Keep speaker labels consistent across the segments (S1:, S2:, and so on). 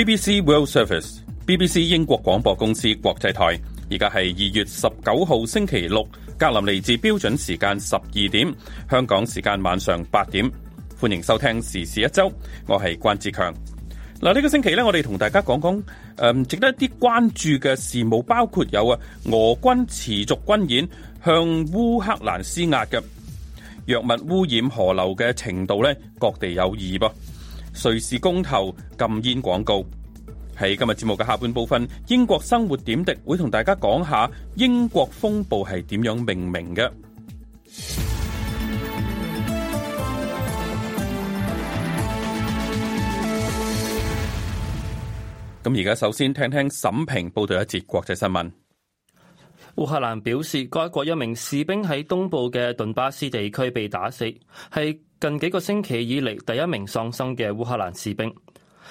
S1: BBC World Service，BBC 英國廣播公司國際台，而家係二月十九號星期六，格林尼治標準時間十二點，香港時間晚上八點，歡迎收聽時事一周，我係關志強。嗱，呢個星期咧，我哋同大家講講誒，值得一啲關注嘅事務，包括有啊，俄軍持續軍演向烏克蘭施壓嘅，藥物污染河流嘅程度咧，各地有異噃。瑞士公投禁煙廣告。喺今日節目嘅下半部分，英國生活點滴會同大家講下英國風暴係點樣命名嘅。咁而家首先聽聽聽沈平報道一節國際新聞。
S2: 烏克蘭表示，該國一名士兵喺東部嘅頓巴斯地區被打死，係，近幾個星期以嚟，第一名喪生嘅烏克蘭士兵。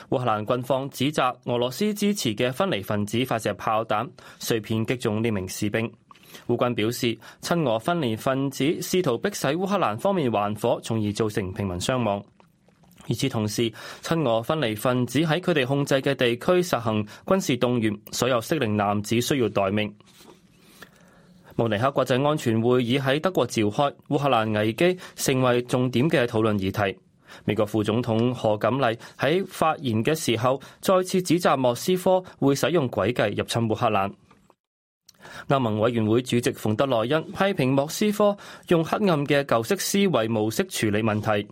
S2: 烏克蘭軍方指責俄羅斯支持嘅分離分子發射炮彈，碎片擊中呢名士兵。烏軍表示，親俄分離分子試圖迫使烏克蘭方面還火，從而造成平民傷亡。與此同時，親俄分離分子喺佢哋控制嘅地區實行軍事動員，所有適齡男子需要待命。慕尼克國際安全會議喺德國召開，烏克蘭危機成為重點嘅討論議題。美國副總統何錦麗喺發言嘅時候，再次指責莫斯科會使用詭計入侵烏克蘭。歐盟委員會主席馮德萊恩批評莫斯科用黑暗嘅舊式思維模式處理問題，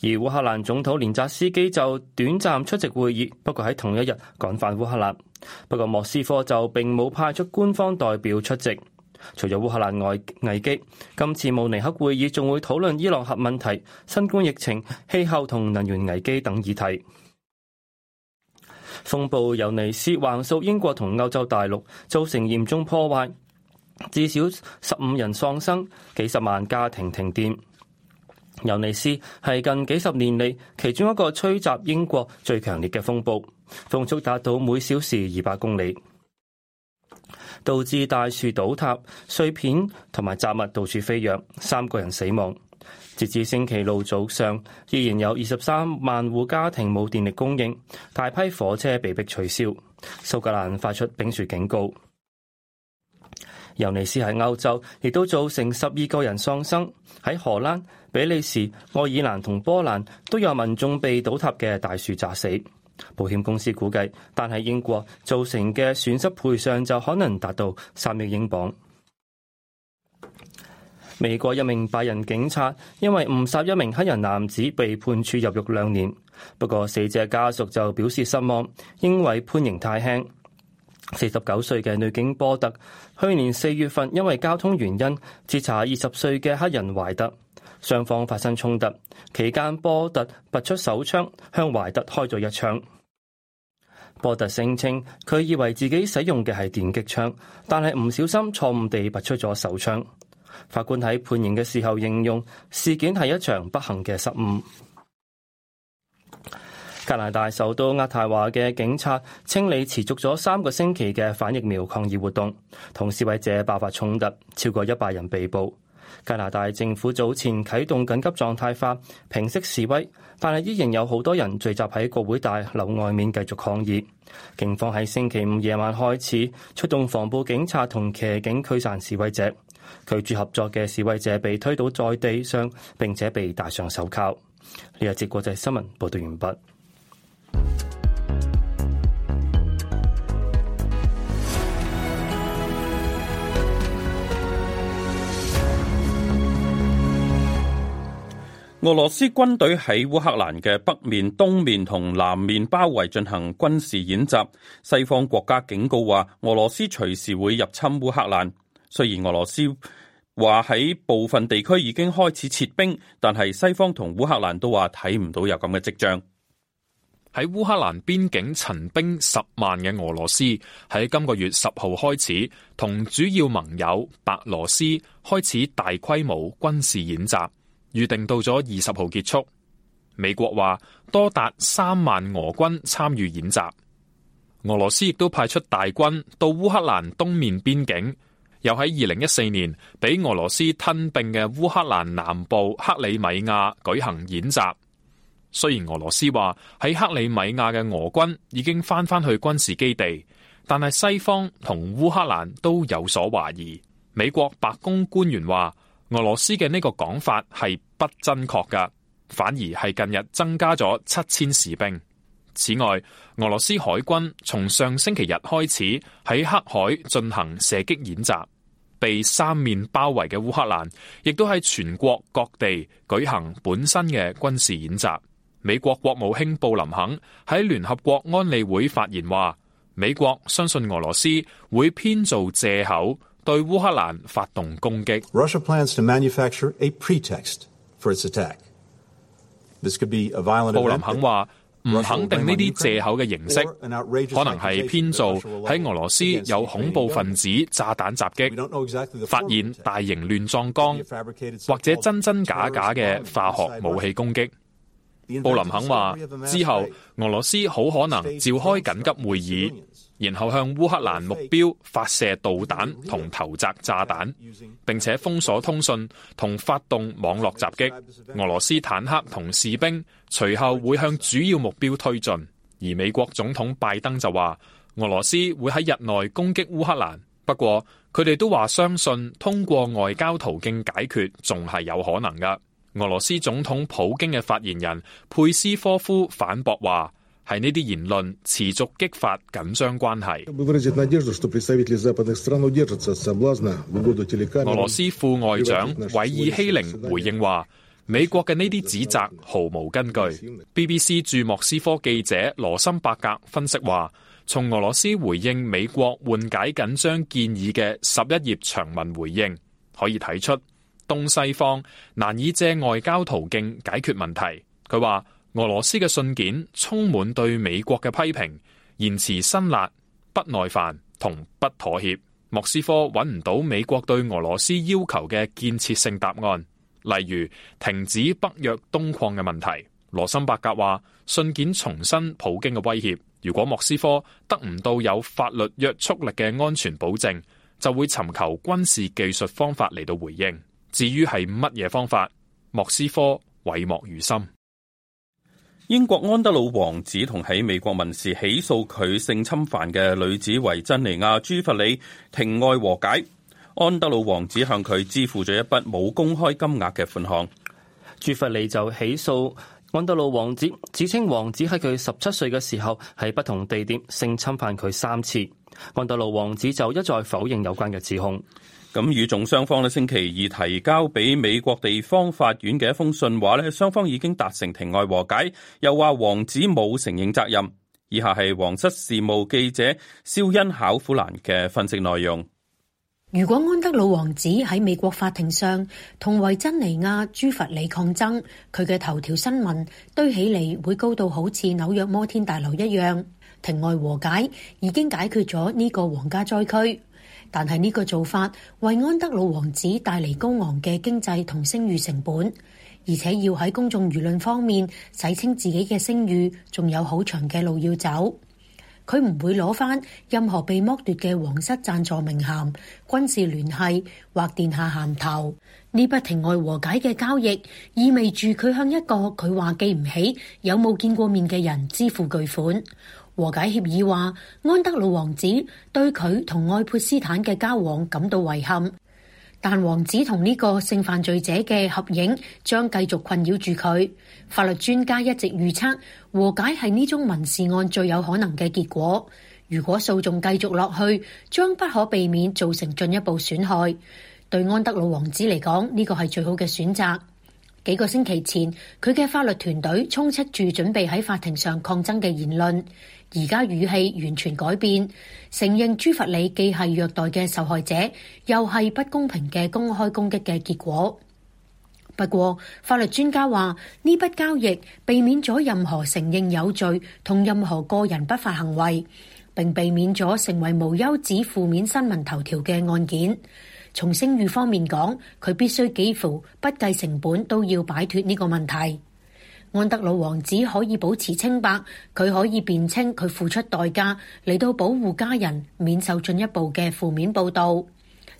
S2: 而烏克蘭總統連澤斯基就短暫出席會議，不過喺同一日趕返烏克蘭。不過莫斯科就並冇派出官方代表出席。除咗烏克蘭外危機，今次慕尼黑會議仲會討論伊朗核問題、新冠疫情、氣候同能源危機等議題。風暴尤尼斯橫掃英國同歐洲大陸，造成嚴重破壞，至少十五人喪生，幾十萬家庭停電。尤尼斯係近幾十年嚟其中一個吹襲英國最強烈嘅風暴，風速達到每小時二百公里。導致大樹倒塌，碎片同埋雜物到處飛躍，三個人死亡。截至星期六早上，依然有二十三萬戶家庭冇電力供應，大批火車被迫取消。蘇格蘭發出冰雪警告。尤尼斯喺歐洲，亦都造成十二個人喪生。喺荷蘭、比利時、愛爾蘭同波蘭，都有民眾被倒塌嘅大樹砸死。保險公司估計，但係英國造成嘅損失賠償就可能達到三億英鎊。美國一名白人警察因為誤殺一名黑人男子被判處入獄兩年，不過死者家屬就表示失望，認為判刑太輕。四十九歲嘅女警波特去年四月份因為交通原因截查二十歲嘅黑人懷特。雙方發生衝突期間，波特拔出手槍向懷特開咗一槍。波特聲稱佢以為自己使用嘅係電擊槍，但係唔小心錯誤地拔出咗手槍。法官喺判刑嘅時候應用事件係一場不幸嘅失誤。加拿大首都渥太華嘅警察清理持續咗三個星期嘅反疫苗抗議活動，同示威者爆發衝突，超過一百人被捕。加拿大政府早前啟動緊急狀態法平息示威，但係依然有好多人聚集喺國會大樓外面繼續抗議。警方喺星期五夜晚開始出動防暴警察同騎警驅散示威者，拒絕合作嘅示威者被推倒在地上，並且被戴上手銬。呢一節國際新聞報道完畢。
S1: 俄羅斯軍隊喺烏克蘭嘅北面、東面同南面包圍進行軍事演習。西方國家警告話，俄羅斯隨時會入侵烏克蘭。雖然俄羅斯話喺部分地區已經開始撤兵，但係西方同烏克蘭都話睇唔到有咁嘅迹象。喺烏克蘭邊境陳兵十
S3: 萬嘅俄羅斯，喺今個月十號開始同主要盟友白羅斯開始大規模軍事演習。預定到咗二十號結束。美國話多達三萬俄軍參與演習，俄羅斯亦都派出大軍到烏克蘭東面邊境。又喺二零一四年，俾俄羅斯吞併嘅烏克蘭南部克里米亞舉行演習。雖然俄羅斯話喺克里米亞嘅俄軍已經翻返去軍事基地，但係西方同烏克蘭都有所懷疑。美國白宮官員話。俄羅斯嘅呢個講法係不真確㗎，反而係近日增加咗七千士兵。此外，俄羅斯海軍從上星期日開始喺黑海進行射擊演習，被三面包圍嘅烏克蘭亦都喺全國各地舉行本身嘅軍事演習。美國國務卿布林肯喺聯合國安理會發言話，美國相信俄羅斯會編造借口。對烏克蘭發動攻擊。Russia plans to manufacture a pretext for its attack. 布林肯話唔肯定呢啲借口嘅形式，
S2: 可能
S3: 係編造喺俄羅斯有恐怖分子炸彈襲擊，發現大型亂葬崗或者真真假假嘅化學武器攻擊。布林肯話之後，俄羅斯好可能召開緊急會議。然後向烏克蘭目標發射導彈同投擲炸彈，並且封鎖通訊同發動網絡襲擊。俄羅斯坦克同士兵隨後會向主要目標推進。而美國總統拜登就話俄羅斯會喺日內攻擊烏克蘭，不過佢哋都話相信通過外交途徑解決仲係有可能㗎。俄羅斯總統普京嘅發言人佩斯科夫反駁話：係呢啲言論持續激發緊張關係。
S2: 俄羅斯
S3: 副外長韋爾希寧回應話：美國嘅呢啲指責毫無根據。BBC 駐莫斯科記者羅森伯格分析話：從俄羅斯回應美國緩解緊張建議嘅十一頁長文回應，可以睇出東西方難以借外交途徑解決問題。佢話：俄羅斯嘅信件充滿對美國嘅批評，言辭辛辣、不耐煩同不妥協。莫斯科揾唔到美國對俄羅斯要求嘅建設性答案，例如停止北約東擴嘅問題。羅森伯格話：信件重申普京嘅威脅，如果莫斯科得唔到有法律約束力嘅安全保證，就會尋求軍事技術方
S1: 法嚟到回應。至於係乜嘢方法，莫斯科諱莫如深。英國安德魯王子同喺美國民事起訴佢性侵犯嘅女子維珍尼亞朱弗里庭外和解，安德魯王子向佢支付咗一筆冇公開金額嘅款項。朱弗里就起訴
S2: 安德魯王子，指稱王子喺佢十七歲嘅時候喺不同地點性侵
S1: 犯佢三次。安德魯王子就一再否認有關嘅指控。咁，與眾雙方咧，星期二提交俾美國地方法院嘅一封信話呢，雙方已經達成庭外和解，又話王子冇承認責任。以下係皇室事務記者蕭恩考夫蘭嘅分析內容。
S4: 如果安德魯王子喺美國法庭上同維珍尼亞朱佛里抗爭，佢嘅頭條新聞堆起嚟會高到好似紐約摩天大樓一樣。庭外和解已經解決咗呢個皇家災區。但係呢個做法為安德魯王子帶嚟高昂嘅經濟同聲譽成本，而且要喺公眾輿論方面洗清自己嘅聲譽，仲有好長嘅路要走。佢唔會攞翻任何被剝奪嘅皇室贊助名銜、軍事聯繫或殿下銜頭。呢筆庭外和解嘅交易，意味住佢向一個佢話記唔起有冇見過面嘅人支付巨款。和解協議話，安德魯王子對佢同愛潑斯坦嘅交往感到遺憾，但王子同呢個性犯罪者嘅合影將繼續困擾住佢。法律專家一直預測，和解係呢宗民事案最有可能嘅結果。如果訴訟繼續落去，將不可避免造成進一步損害。對安德魯王子嚟講，呢個係最好嘅選擇。幾個星期前，佢嘅法律團隊充斥住準備喺法庭上抗爭嘅言論。而家語氣完全改變，承認朱佛里既係虐待嘅受害者，又係不公平嘅公開攻擊嘅結果。不過，法律專家話呢筆交易避免咗任何承認有罪同任何個人不法行為，並避免咗成為無休止負面新聞頭條嘅案件。從聲譽方面講，佢必須幾乎不計成本都要擺脫呢個問題。安德魯王子可以保持清白，佢可以辯稱佢付出代價嚟到保護家人，免受進一步嘅負面報道。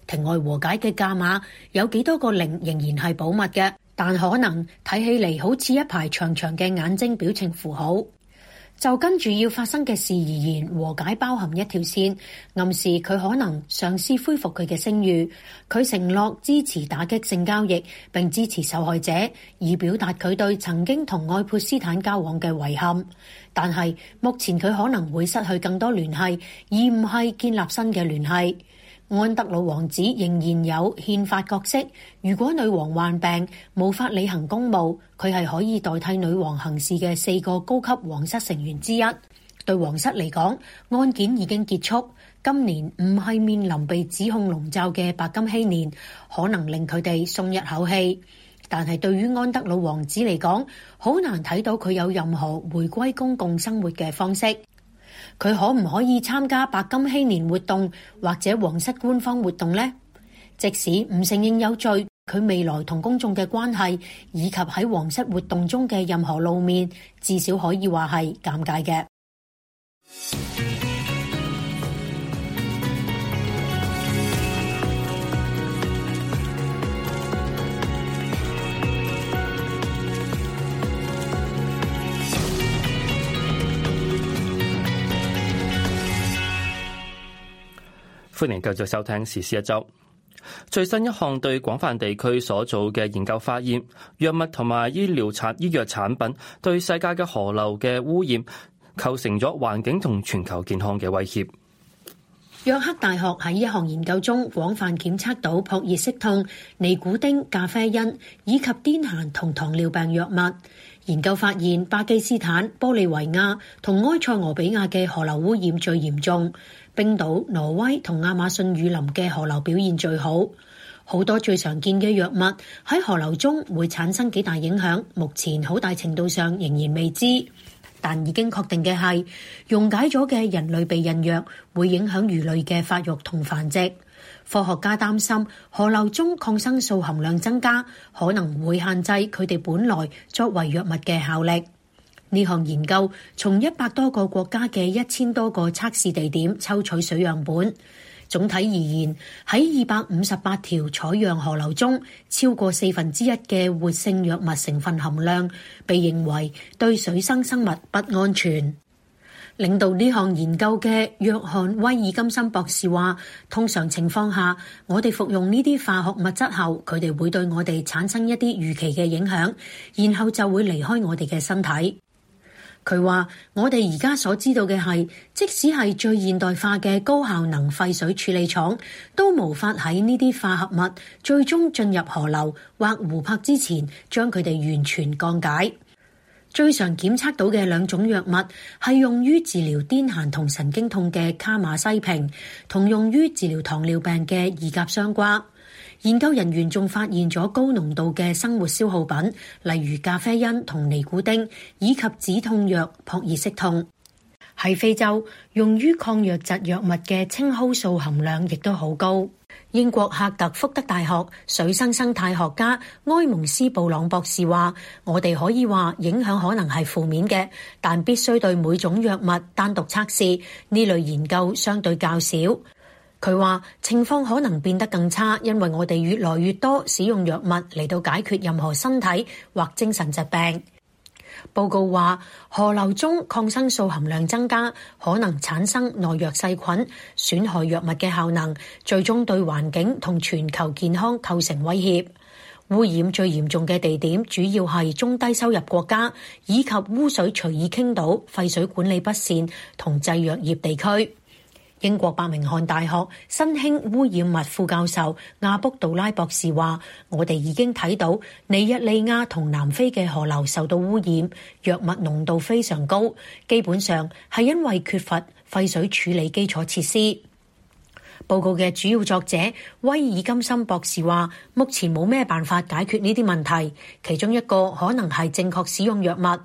S4: 庭外和解嘅價碼有幾多個零仍然係保密嘅，但可能睇起嚟好似一排長長嘅眼睛表情符號。就跟住要發生嘅事而言，和解包含一條線，暗示佢可能嘗試恢復佢嘅聲譽。佢承諾支持打擊性交易，並支持受害者，以表達佢對曾經同愛潑斯坦交往嘅遺憾。但係目前佢可能會失去更多聯繫，而唔係建立新嘅聯繫。安德魯王子仍然有憲法角色，如果女王患病無法履行公務，佢係可以代替女王行事嘅四個高級皇室成員之一。對皇室嚟講，案件已經結束，今年唔係面臨被指控籠罩嘅白金禧年，可能令佢哋鬆一口氣。但係對於安德魯王子嚟講，好難睇到佢有任何回歸公共生活嘅方式。佢可唔可以參加白金禧年活動或者皇室官方活動呢？即使唔承認有罪，佢未來同公眾嘅關係以及喺皇室活動中嘅任何露面，至少可以話係尷尬嘅。
S2: 歡迎繼續收聽時事一周。最新一項對廣泛地區所做嘅研究發現，藥物同埋醫療產醫藥產品對世界嘅河流嘅污染，構成咗環境同全球健康嘅威脅。
S4: 約克大學喺一項研究中，廣泛檢測到撲熱息痛、尼古丁、咖啡因以及癲癇同糖尿病藥物。研究發現，巴基斯坦、玻利維亞同埃塞俄比亞嘅河流污染最嚴重。冰島、挪威同亞馬遜雨林嘅河流表現最好。好多最常見嘅藥物喺河流中會產生幾大影響，目前好大程度上仍然未知，但已經確定嘅係溶解咗嘅人類避孕藥會影響魚類嘅發育同繁殖。科學家擔心河流中抗生素含量增加，可能會限制佢哋本來作為藥物嘅效力。呢項研究從一百多個國家嘅一千多個測試地點抽取水樣本。總體而言，喺二百五十八條採樣河流中，超過四分之一嘅活性藥物成分含量被認為對水生生物不安全。領導呢項研究嘅約翰威爾金森博士話，通常情況下，我哋服用呢啲化學物質後，佢哋會對我哋產生一啲預期嘅影響，然後就會離開我哋嘅身體。佢話：我哋而家所知道嘅係，即使係最現代化嘅高效能廢水處理廠，都無法喺呢啲化合物最終進入河流或湖泊之前，將佢哋完全降解。最常檢測到嘅兩種藥物係用於治療癲癇同神經痛嘅卡馬西平，同用於治療糖尿病嘅二甲雙胍。研究人員仲發現咗高濃度嘅生活消耗品，例如咖啡因同尼古丁，以及止痛藥撲熱息痛。喺非洲，用於抗瘧疾藥物嘅青蒿素含量亦都好高。英國赫特福德大學水生生態學家埃蒙斯布朗博士話，我哋可以話影響可能係負面嘅，但必須對每種藥物單獨測試。呢類研究相對較少。佢話：情況可能變得更差，因為我哋越來越多使用藥物嚟到解決任何身體或精神疾病。報告話，河流中抗生素含量增加，可能產生耐藥細菌，損害藥物嘅效能，最終對環境同全球健康構成威脅。污染最嚴重嘅地點，主要係中低收入國家，以及污水隨意傾倒、廢水管理不善同製藥業地區。英國伯明翰大學新興污染物副教授亞卜杜拉博士話：我哋已經睇到尼日利亞同南非嘅河流受到污染，藥物濃度非常高，基本上係因為缺乏廢水處理基礎設施。報告嘅主要作者威爾金森博士話：目前冇咩辦法解決呢啲問題，其中一個可能係正確使用藥物。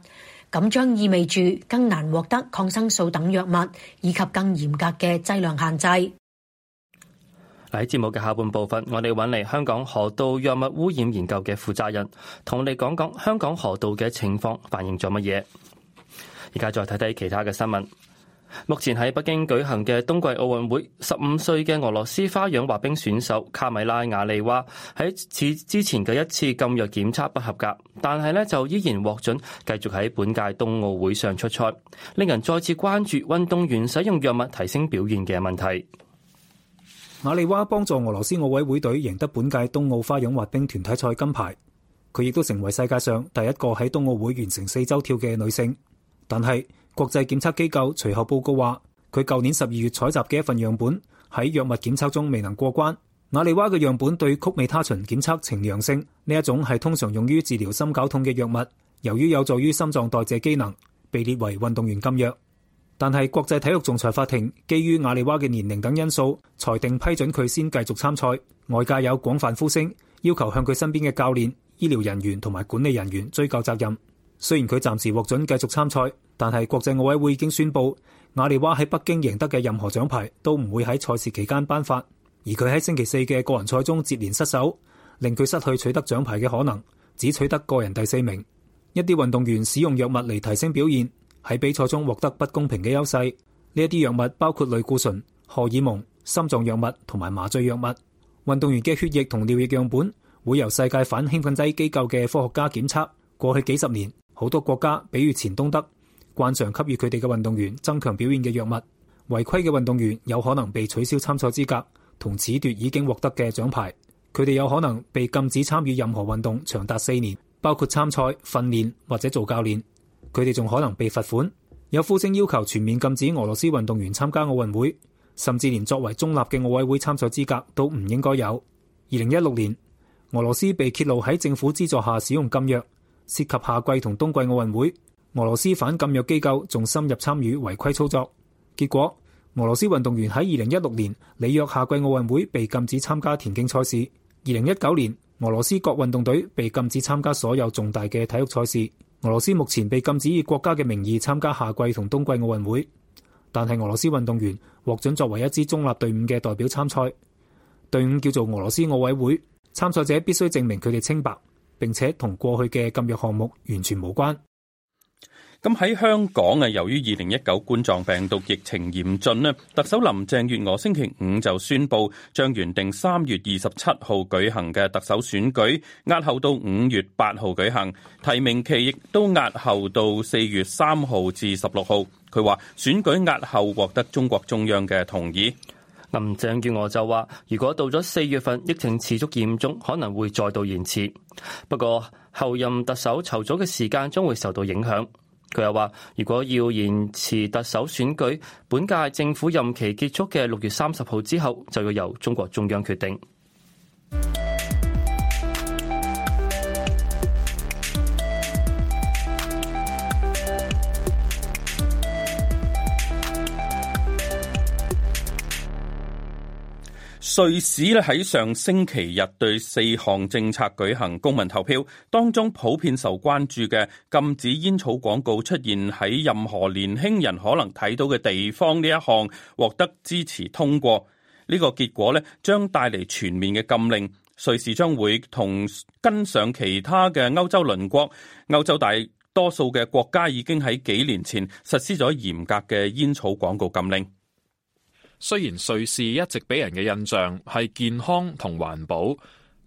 S4: 咁將意味住更難獲得抗生素等藥物，以及更嚴格嘅劑量限制。
S2: 喺節目嘅下半部分，我哋揾嚟香港河道藥物污染研究嘅負責人，同你講講香港河道嘅情況反映咗乜嘢。而家再睇睇其他嘅新聞。目前喺北京舉行嘅冬季奧運會，十五歲嘅俄羅斯花樣滑冰選手卡米拉·瓦利娃喺此之前嘅一次禁藥檢測不合格，但係咧就依然獲准繼續喺本屆冬奧會上出賽，令人再次關注運動員使用藥物提升表現嘅問題。
S5: 雅麗娃幫助俄羅斯奧委會隊贏得本屆冬奧花樣滑冰團體賽金牌，佢亦都成為世界上第一個喺冬奧會完成四周跳嘅女性，但係。國際檢測機構隨後報告話，佢舊年十二月採集嘅一份樣本喺藥物檢測中未能過關。瓦利娃嘅樣本對曲美他嗪檢測呈陽性，呢一種係通常用於治療心絞痛嘅藥物，由於有助於心臟代謝機能，被列為運動員禁藥。但係國際體育仲裁法庭基於瓦利娃嘅年齡等因素，裁定批准佢先繼續參賽。外界有廣泛呼聲，要求向佢身邊嘅教練、醫療人員同埋管理人員追究責任。雖然佢暫時獲准繼續參賽，但係國際奧委會已經宣布，亞利娃喺北京贏得嘅任何獎牌都唔會喺賽事期間頒發。而佢喺星期四嘅個人賽中接連失手，令佢失去取得獎牌嘅可能，只取得個人第四名。一啲運動員使用藥物嚟提升表現，喺比賽中獲得不公平嘅優勢。呢一啲藥物包括類固醇、荷爾蒙、心臟藥物同埋麻醉藥物。運動員嘅血液同尿液樣本會由世界反興奮劑機構嘅科學家檢測。過去幾十年。好多國家，比如前東德，慣常給予佢哋嘅運動員增強表現嘅藥物。違規嘅運動員有可能被取消參賽資格，同褫奪已經獲得嘅獎牌。佢哋有可能被禁止參與任何運動，長達四年，包括參賽、訓練或者做教練。佢哋仲可能被罰款。有呼聲要求全面禁止俄羅斯運動員參加奧運會，甚至連作為中立嘅奧委會參賽資格都唔應該有。二零一六年，俄羅斯被揭露喺政府資助下使用禁藥。涉及夏季同冬季奧運會，俄羅斯反禁藥機構仲深入參與違規操作，結果俄羅斯運動員喺二零一六年里約夏季奧運會被禁止參加田徑賽事，二零一九年俄羅斯各運動隊被禁止參加所有重大嘅體育賽事，俄羅斯目前被禁止以國家嘅名義參加夏季同冬季奧運會，但係俄羅斯運動員獲准作為一支中立隊伍嘅代表參賽，隊伍叫做俄羅斯奧委會，參賽者必須證明佢哋清白。並且同過去嘅禁藥項目完全無關。
S1: 咁喺香港啊，由於二零一九冠狀病毒疫情嚴峻咧，特首林鄭月娥星期五就宣布，將原定三月二十七號舉行嘅特首選舉押後到五月八號舉行，提名期亦都押後到四月三號至十六號。佢話選舉押後獲得中國中央嘅同意。林鄭月娥就話，如果到咗四月份疫情持續嚴重，
S2: 可能會再度延遲。不過，後任特首籌組嘅時間將會受到影響。佢又話，如果要延遲特首選舉，本屆政府任期結束嘅六月三十號之後，就要由中國中央決定。
S1: 瑞士喺上星期日對四項政策舉行公民投票，當中普遍受關注嘅禁止煙草廣告出現喺任何年輕人可能睇到嘅地方呢一項獲得支持通過。呢、這個結果咧，將帶嚟全面嘅禁令，瑞士將會同跟上其他嘅歐洲鄰國，歐洲大多數嘅國家已經喺幾年前實施咗嚴格嘅煙草廣告禁令。雖然瑞士一直俾人嘅印象係健康同環保，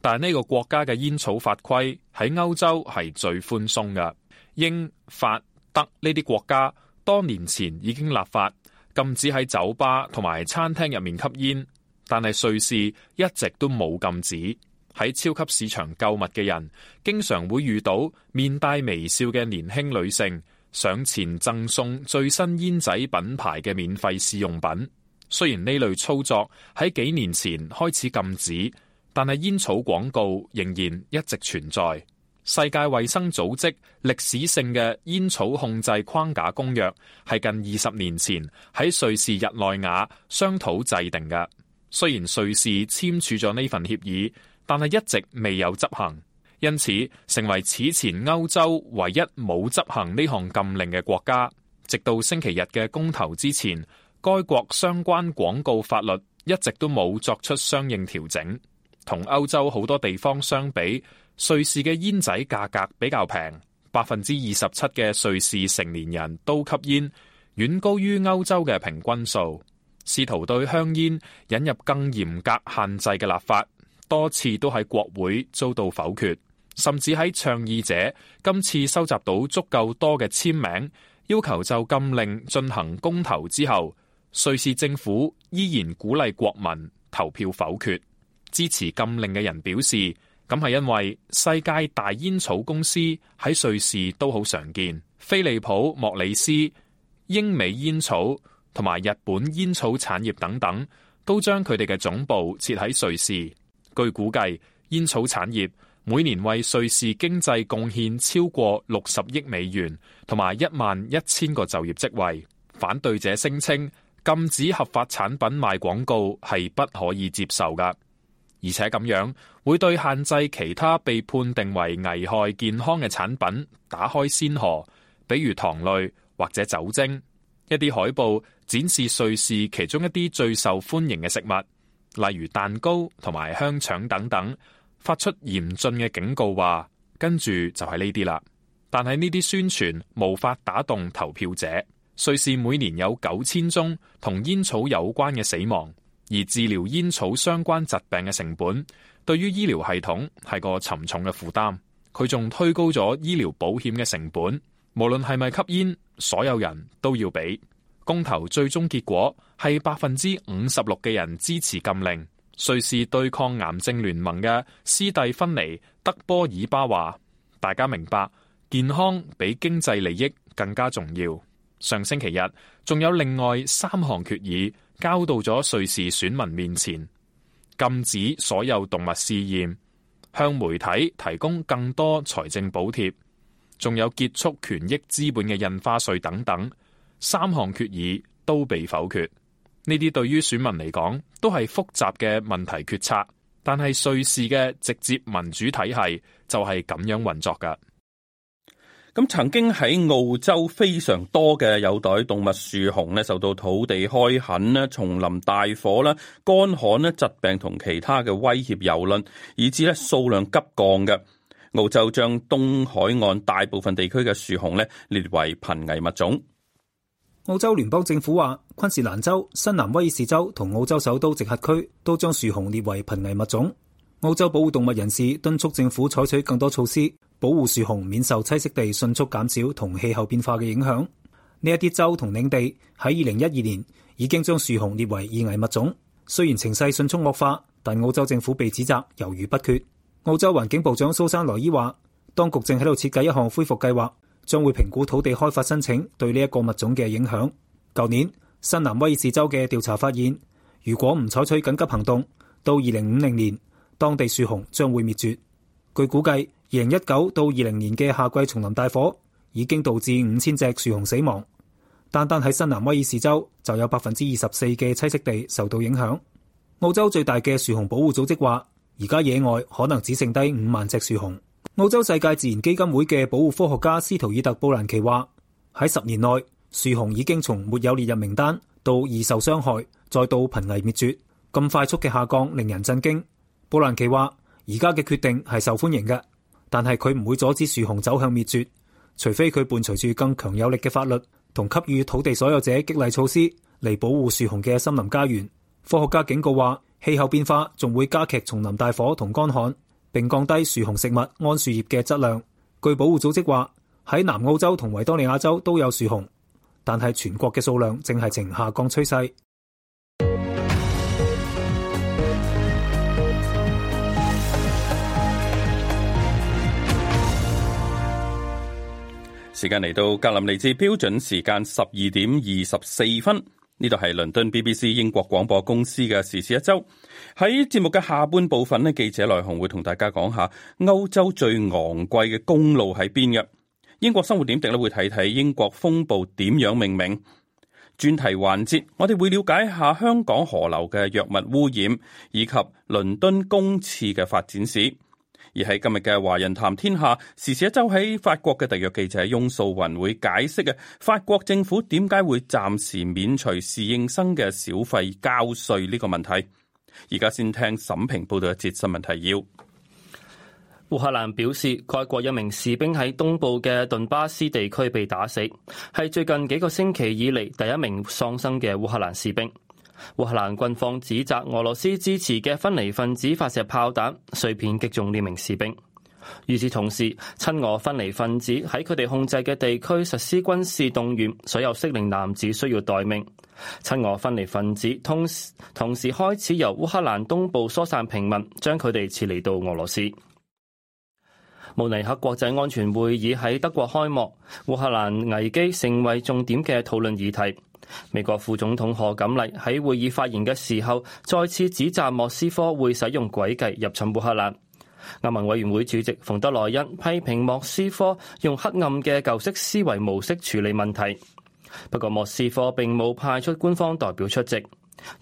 S3: 但呢個國家嘅煙草法規喺歐洲係最寬鬆嘅。英、法、德呢啲國家多年前已經立法禁止喺酒吧同埋餐廳入面吸煙，但係瑞士一直都冇禁止。喺超級市場購物嘅人，經常會遇到面帶微笑嘅年輕女性上前贈送最新煙仔品牌嘅免費試用品。雖然呢類操作喺幾年前開始禁止，但係煙草廣告仍然一直存在。世界衛生組織歷史性嘅煙草控制框架公約係近二十年前喺瑞士日內瓦商討製定嘅。雖然瑞士簽署咗呢份協議，但係一直未有執行，因此成為此前歐洲唯一冇執行呢項禁令嘅國家，直到星期日嘅公投之前。該國相關廣告法律一直都冇作出相應調整，同歐洲好多地方相比，瑞士嘅煙仔價格比較平。百分之二十七嘅瑞士成年人都吸煙，遠高於歐洲嘅平均數。試圖對香煙引入更嚴格限制嘅立法，多次都喺國會遭到否決，甚至喺倡議者今次收集到足夠多嘅簽名，要求就禁令進行公投之後。瑞士政府依然鼓勵國民投票否決。支持禁令嘅人表示，咁係因為世界大煙草公司喺瑞士都好常見，菲利普莫里斯、英美煙草同埋日本煙草產業等等，都將佢哋嘅總部設喺瑞士。據估計，煙草產業每年為瑞士經濟貢獻超過六十億美元，同埋一萬一千個就業職位。反對者聲稱，禁止合法產品賣廣告係不可以接受㗎，而且咁樣會對限制其他被判定為危害健康嘅產品打開先河，比如糖類或者酒精。一啲海報展示瑞士其中一啲最受歡迎嘅食物，例如蛋糕同埋香腸等等，發出嚴峻嘅警告話，跟住就係呢啲啦。但係呢啲宣傳無法打動投票者。瑞士每年有九千宗同煙草有關嘅死亡，而治療煙草相關疾病嘅成本對於醫療系統係個沉重嘅負擔。佢仲推高咗醫療保險嘅成本，無論係咪吸煙，所有人都要俾公投。最終結果係百分之五十六嘅人支持禁令。瑞士對抗癌症聯盟嘅斯蒂芬尼德波爾巴話：大家明白健康比經濟利益更加重要。上星期日，仲有另外三項決議交到咗瑞士選民面前，禁止所有動物試驗，向媒體提供更多財政補貼，仲有結束權益資本嘅印花稅等等，三項決議都被否決。呢啲對於選民嚟講，都係複雜嘅問題決策。但係瑞士嘅直接
S1: 民主體系就係咁樣運作噶。咁曾經喺澳洲非常多嘅有袋動物樹熊咧，受到土地開墾咧、叢林大火啦、乾旱咧、疾病同其他嘅威脅遊論，以致咧數量急降嘅。澳洲將東海岸大部分地區嘅樹熊咧列為瀕危物種。
S5: 澳洲聯邦政府話，昆士蘭州、新南威爾士州同澳洲首都直轄區都將樹熊列為瀕危物種。澳洲保護動物人士敦促政府採取更多措施。保護樹熊免受棲息地迅速減少同氣候變化嘅影響，呢一啲州同領地喺二零一二年已經將樹熊列為易危物種。雖然情勢迅速惡化，但澳洲政府被指責猶豫不決。澳洲環境部長蘇珊萊伊話，當局正喺度設計一項恢復計劃，將會評估土地開發申請對呢一個物種嘅影響。舊年新南威爾士州嘅調查發現，如果唔採取緊急行動，到二零五零年當地樹熊將會滅絕。據估計。二零一九到二零年嘅夏季叢林大火已經導致五千隻樹熊死亡。單單喺新南威爾士州就有百分之二十四嘅棲息地受到影響。澳洲最大嘅樹熊保護組織話，而家野外可能只剩低五萬隻樹熊。澳洲世界自然基金會嘅保護科學家斯圖爾特布蘭奇話，喺十年內，樹熊已經從沒有列入名單到易受傷害，再到瀕危滅絕，咁快速嘅下降令人震驚。布蘭奇話，而家嘅決定係受歡迎嘅。但係佢唔會阻止樹熊走向滅絕，除非佢伴隨住更強有力嘅法律同給予土地所有者激勵措施嚟保護樹熊嘅森林家園。科學家警告話，氣候變化仲會加劇叢林大火同乾旱，並降低樹熊食物桉樹葉嘅質量。據保護組織話，喺南澳洲同維多利亞州都有樹熊，但係全國嘅數量正係呈下降趨勢。
S1: 時間嚟到，格林尼治標準時間十二點二十四分，呢度係倫敦 BBC 英國廣播公司嘅時事一周。喺節目嘅下半部分咧，記者來鴻會同大家講下歐洲最昂貴嘅公路喺邊嘅。英國生活點滴咧，會睇睇英國風暴點樣命名。專題環節，我哋會了解下香港河流嘅藥物污染，以及倫敦公廁嘅發展史。而喺今日嘅《華人談天下》，時事一周喺法國嘅特約記者翁素雲會解釋嘅法國政府點解會暫時免除侍應生嘅小費交稅呢個問題。而家先聽沈平報道一節新聞提要。烏克蘭表示，該國一名士兵喺東部嘅頓巴斯地區被
S2: 打死，係最近幾個星期以嚟第一名喪生嘅烏克蘭士兵。烏克蘭軍方指責俄羅斯支持嘅分離分子發射炮彈碎片擊中呢名士兵。與此同時，親俄分離分子喺佢哋控制嘅地區實施軍事動員，所有適齡男子需要待命。親俄分離分子同時，同時開始由烏克蘭東部疏散平民，將佢哋撤離到俄羅斯。慕尼黑國際安全會議喺德國開幕，烏克蘭危機成為重點嘅討論議題。美國副總統賀錦麗喺會議發言嘅時候，再次指責莫斯科會使用詭計入侵烏克蘭。歐盟委員會主席馮德萊恩批評莫斯科用黑暗嘅舊式思維模式處理問題。不過莫斯科並冇派出官方代表出席，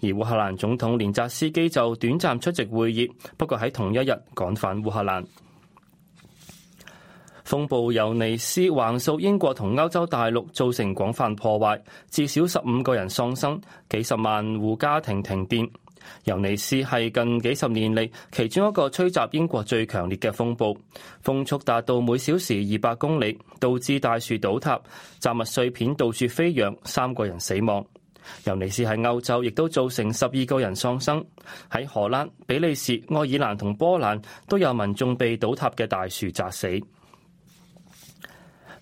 S2: 而烏克蘭總統澤連斯基就短暫出席會議，不過喺同一日趕返烏克蘭。風暴尤尼斯橫掃英國同歐洲大陸，造成廣泛破壞，至少十五個人喪生，幾十萬戶家庭停電。尤尼斯係近幾十年嚟，其中一個吹襲英國最強烈嘅風暴，風速達到每小時二百公里，導致大樹倒塌，雜物碎片到處飛揚，三個人死亡。尤尼斯喺歐洲亦都造成十二個人喪生，喺荷蘭、比利時、愛爾蘭同波蘭都有民眾被倒塌嘅大樹砸死。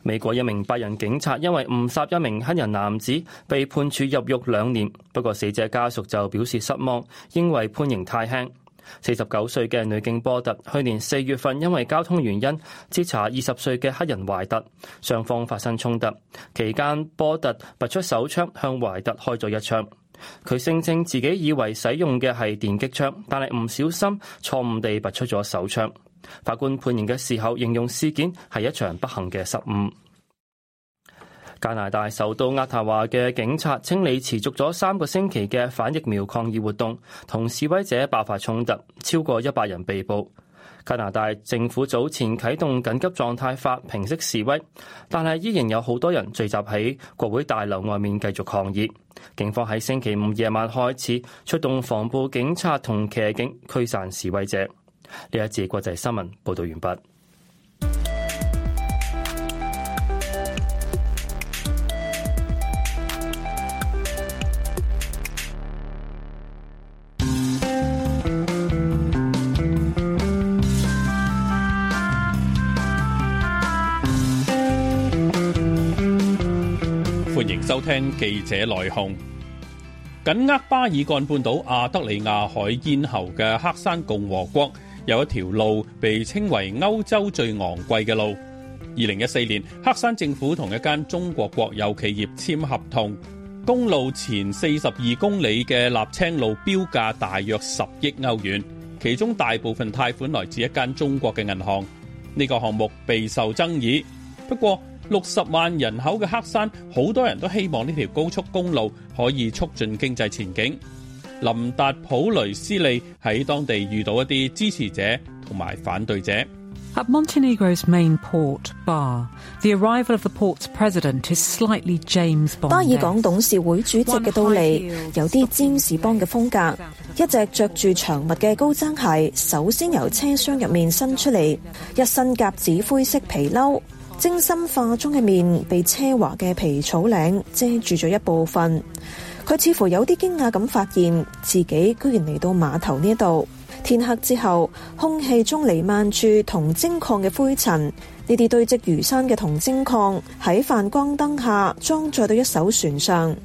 S2: 美國一名白人警察因為誤殺一名黑人男子，被判處入獄兩年。不過，死者家屬就表示失望，因為判刑太輕。四十九歲嘅女警波特去年四月份因為交通原因截查二十歲嘅黑人懷特，雙方發生衝突。期間，波特拔出手槍向懷特開咗一槍。佢聲稱自己以為使用嘅係電擊槍，但係唔小心錯誤地拔出咗手槍。法官判刑嘅時候，形容事件係一場不幸嘅失誤。加拿大受到渥太華嘅警察清理持續咗三個星期嘅反疫苗抗議活動，同示威者爆發衝突，超過一百人被捕。加拿大政府早前啟動緊急狀態法平息示威，但係依然有好多人聚集喺國會大樓外面繼續抗議。警方喺星期五夜晚開始出動防暴警察同騎警驅散示威者。呢一次國際新聞報道完畢。
S1: 歡迎收聽記者來鴻，緊握巴爾幹半島亞德里亞海咽喉嘅黑山共和國。有一條路被稱為歐洲最昂貴嘅路。二零一四年，黑山政府同一間中國國有企業簽合同，公路前四十二公里嘅立青路標價大約十億歐元，其中大部分貸款來自一間中國嘅銀行。呢個項目備受爭議，不過六十萬人口嘅黑山好多人都希望呢條高速公路可以促進經濟前景。林達普雷斯利喺當地遇到一啲支持者同埋反對者。
S4: 喺 Montenegro's main port, Bar，The arrival of the port's president is slightly James Bond. 巴爾港
S6: 董事會主席嘅到嚟有啲占士邦嘅風格。一隻着住長襪嘅高踭鞋，首先由車廂入面伸出嚟，一身夾子灰色皮褸，精心化妝嘅面被奢華嘅皮草領遮住咗一部分。佢似乎有啲驚訝咁，發現自己居然嚟到碼頭呢度。天黑之後，空氣中瀰漫住銅精礦嘅灰塵，呢啲堆積如山嘅銅精礦喺泛光燈下裝載到一艘船上。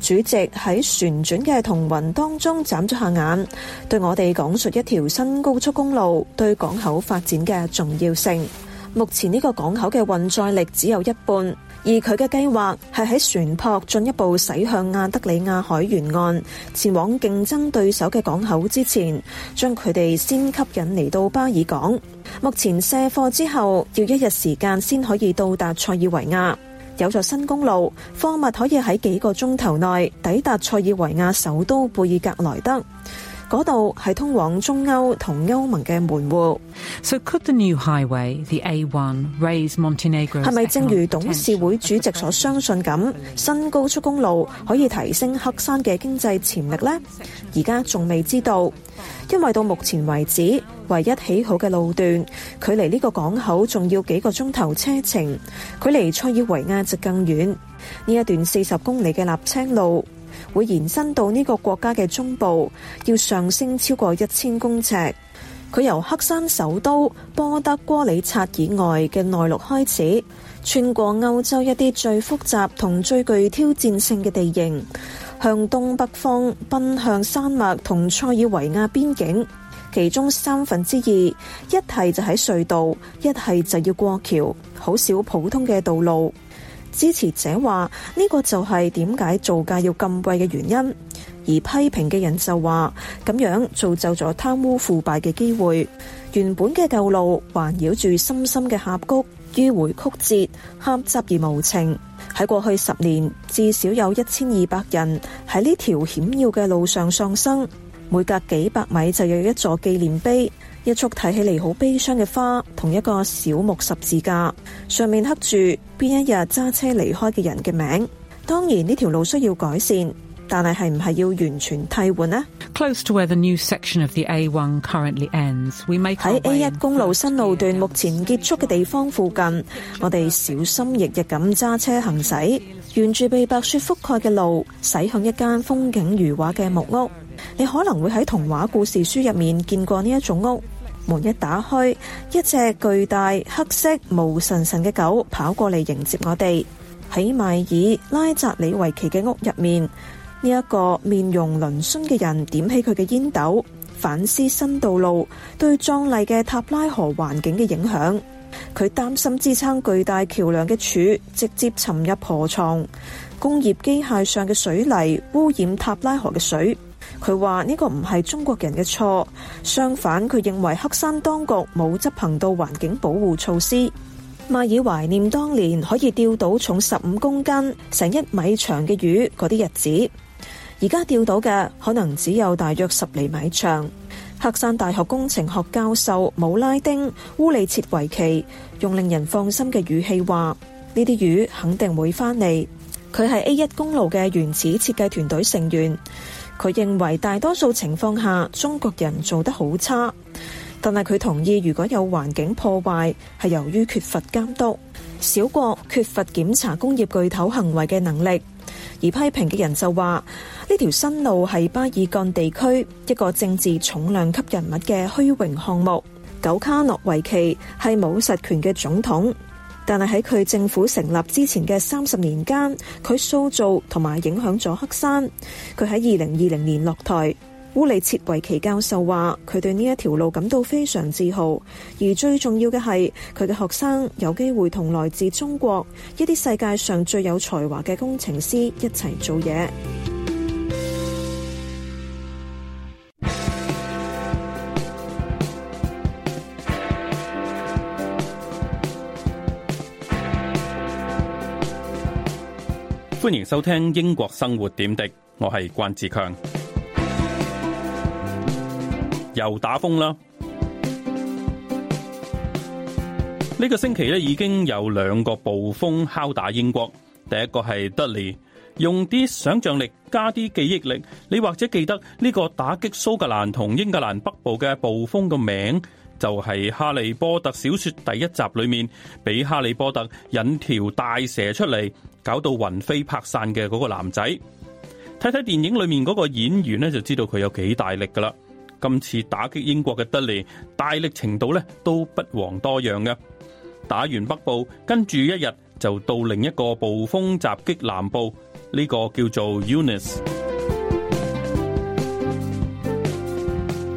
S6: 主席喺旋轉嘅銅雲當中眨咗下眼，對我哋講述一條新高速公路對港口發展嘅重要性。目前呢個港口嘅運載力只有一半。而佢嘅計劃係喺船舶進一步駛向亞德里亞海沿岸，前往競爭對手嘅港口之前，將佢哋先吸引嚟到巴爾港。目前卸貨之後，要一日時間先可以到達塞爾維亞。有咗新公路，貨物可以喺幾個鐘頭內抵達塞爾維亞首都貝爾格萊德。嗰度係通往中歐同歐盟嘅門戶，So could the new highway, the A1, raise Montenegro? 係咪正如董事會主席所相信咁，新高速公路可以提升黑山嘅經濟潛力咧？而家仲未知道，因為到目前為止，唯一起好嘅路段，距離呢個港口仲要幾個鐘頭車程，距離塞爾維亞就更遠，呢一段四十公里嘅立青路。會延伸到呢個國家嘅中部，要上升超過一千公尺。佢由黑山首都波德戈里察以外嘅內陸開始，穿過歐洲一啲最複雜同最具挑戰性嘅地形，向東北方奔向山脈同塞爾維亞邊境。其中三分之二，一係就喺隧道，一係就要過橋，好少普通嘅道路。支持者話呢個就係點解造價要咁貴嘅原因，而批評嘅人就話咁樣造就咗貪污腐敗嘅機會。原本嘅舊路環繞住深深嘅峽谷，迂回曲折，狹窄而無情。喺過去十年，至少有一千二百人喺呢條險要嘅路上喪生，每隔幾百米就有一座紀念碑。一束睇起嚟好悲傷嘅花，同一個小木十字架，上面刻住邊一日揸車離開嘅人嘅名。當然呢條路需要改善，但係係唔係要完全替換呢？喺 A1 公路新路段目前結束嘅地方附近，近我哋小心翼翼咁揸車行駛，沿住被白雪覆蓋嘅路，駛向一間風景如畫嘅木屋。你可能會喺童話故事書入面見過呢一種屋。門一打開，一隻巨大黑色毛神神嘅狗跑過嚟迎接我哋。喺邁爾拉扎里維奇嘅屋入面，呢、這、一個面容嶙峋嘅人點起佢嘅煙斗，反思新道路對壯麗嘅塔拉河環境嘅影響。佢擔心支撐巨大橋梁嘅柱直接沉入河床，工業機械上嘅水泥污染塔拉河嘅水。佢話呢個唔係中國人嘅錯，相反佢認為黑山當局冇執行到環境保護措施。邁爾懷念當年可以釣到重十五公斤、成一米長嘅魚嗰啲日子，而家釣到嘅可能只有大約十厘米長。黑山大學工程學教授姆拉丁烏里切維奇用令人放心嘅語氣話：呢啲魚肯定會返嚟。佢係 A 一公路嘅原始設計團隊成員。佢認為大多數情況下中國人做得好差，但係佢同意如果有環境破壞，係由於缺乏監督、小國缺乏檢查工業巨頭行為嘅能力。而批評嘅人就話呢條新路係巴爾幹地區一個政治重量級人物嘅虛榮項目。久卡諾維奇係冇實權嘅總統。但係喺佢政府成立之前嘅三十年間，佢塑造同埋影響咗黑山。佢喺二零二零年落台，烏里切維奇教授話，佢對呢一條路感到非常自豪，而最重要嘅係佢嘅學生有機會同來自中國一啲世界上最有才華嘅工程師一齊做嘢。
S1: 歡迎收聽英國生活點滴，我係關志強。又打風啦！呢個星期咧，已經有兩個暴風敲打英國。第一個係德利，用啲想象力加啲記憶力，你或者記得呢個打擊蘇格蘭同英格蘭北部嘅暴風嘅名。就係《哈利波特》小說第一集裏面，俾哈利波特引條大蛇出嚟，搞到魂飛魄散嘅嗰個男仔。睇睇電影裏面嗰個演員咧，就知道佢有幾大力噶啦。今次打擊英國嘅 Dudley，大力程度咧都不遑多讓嘅。打完北部，跟住一日就到另一個暴風襲擊南部，呢個叫做 Eunice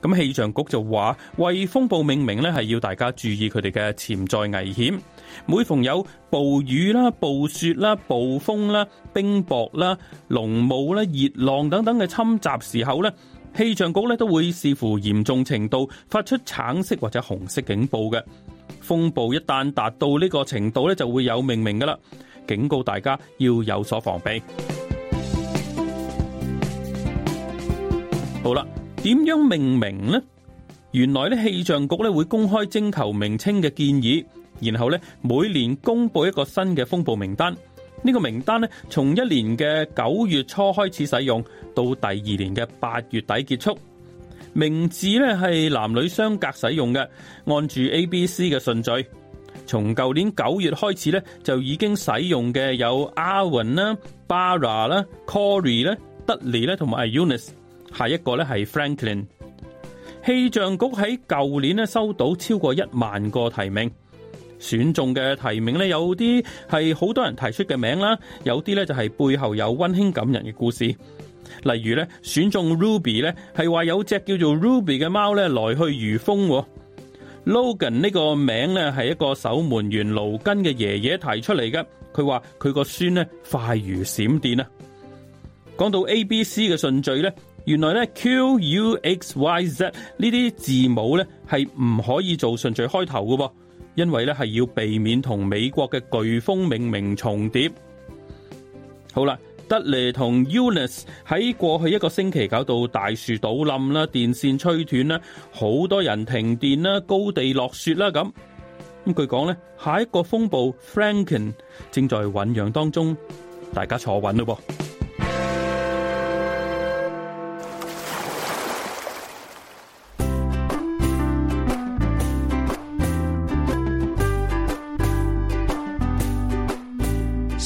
S1: 咁氣象局就話為風暴命名咧，係要大家注意佢哋嘅潛在危險。每逢有暴雨啦、暴雪啦、暴風啦、冰雹啦、濃霧啦、熱浪等等嘅侵襲時候咧，氣象局咧都會視乎嚴重程度，發出橙色或者紅色警報嘅風暴。一旦達到呢個程度咧，就會有命名㗎喇，警告大家要有所防備。好啦。點樣命名咧？原來咧氣象局咧會公開徵求名稱嘅建議，然後咧每年公布一個新嘅風暴名單。呢個名單咧從一年嘅九月初開始使用，到第二年嘅八月底結束。名字咧係男女相隔使用嘅，按住 A、B、C 嘅順序。從舊年九月開始咧就已經使用嘅有阿雲啦、Bara 啦、Corey 啦、德尼啦同埋阿 Unis。下一個咧係 Franklin，氣象局喺舊年咧收到超過一萬個提名，選中嘅提名咧有啲係好多人提出嘅名啦，有啲咧就係背後有溫馨感人嘅故事，例如咧選中 Ruby 咧係話有隻叫做 Ruby 嘅貓咧來去如風，Logan 呢個名咧係一個守門員勞根嘅爺爺提出嚟㗎，佢話佢個孫咧快如閃電啊！講到 A、B、C 嘅順序咧。原來咧 Q、U、X、Y、Z 呢啲字母咧係唔可以做順序開頭嘅，因為咧係要避免同美國嘅颶風命名重疊。好啦，德雷同 Eunice 喺過去一個星期搞到大樹倒冧啦、電線吹斷啦、好多人停電啦、高地落雪啦咁。咁據講咧，下一個風暴 Franken 正在醞釀當中，大家坐穩咯噃。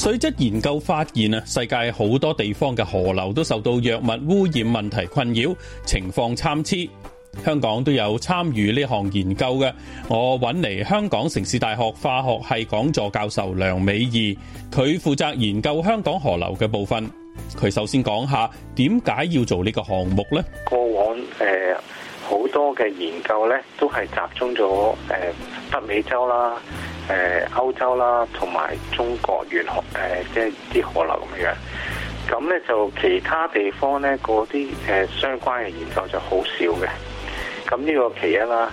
S1: 水質研究發現啊，世界好多地方嘅河流都受到藥物污染問題困擾，情況參差。香港都有參與呢項研究嘅，我揾嚟香港城市大學化學系講座教授梁美儀，佢負責研究香港河流嘅部分。佢首先講下點解要做呢個項目呢？
S7: 過往誒呃、好多嘅研究咧，都係集中咗呃、北美洲啦。誒，歐、呃、洲啦，同埋中國沿河誒，即係啲河流咁樣。咁咧就其他地方咧，嗰啲誒相關嘅研究就好少嘅。咁呢個其一啦。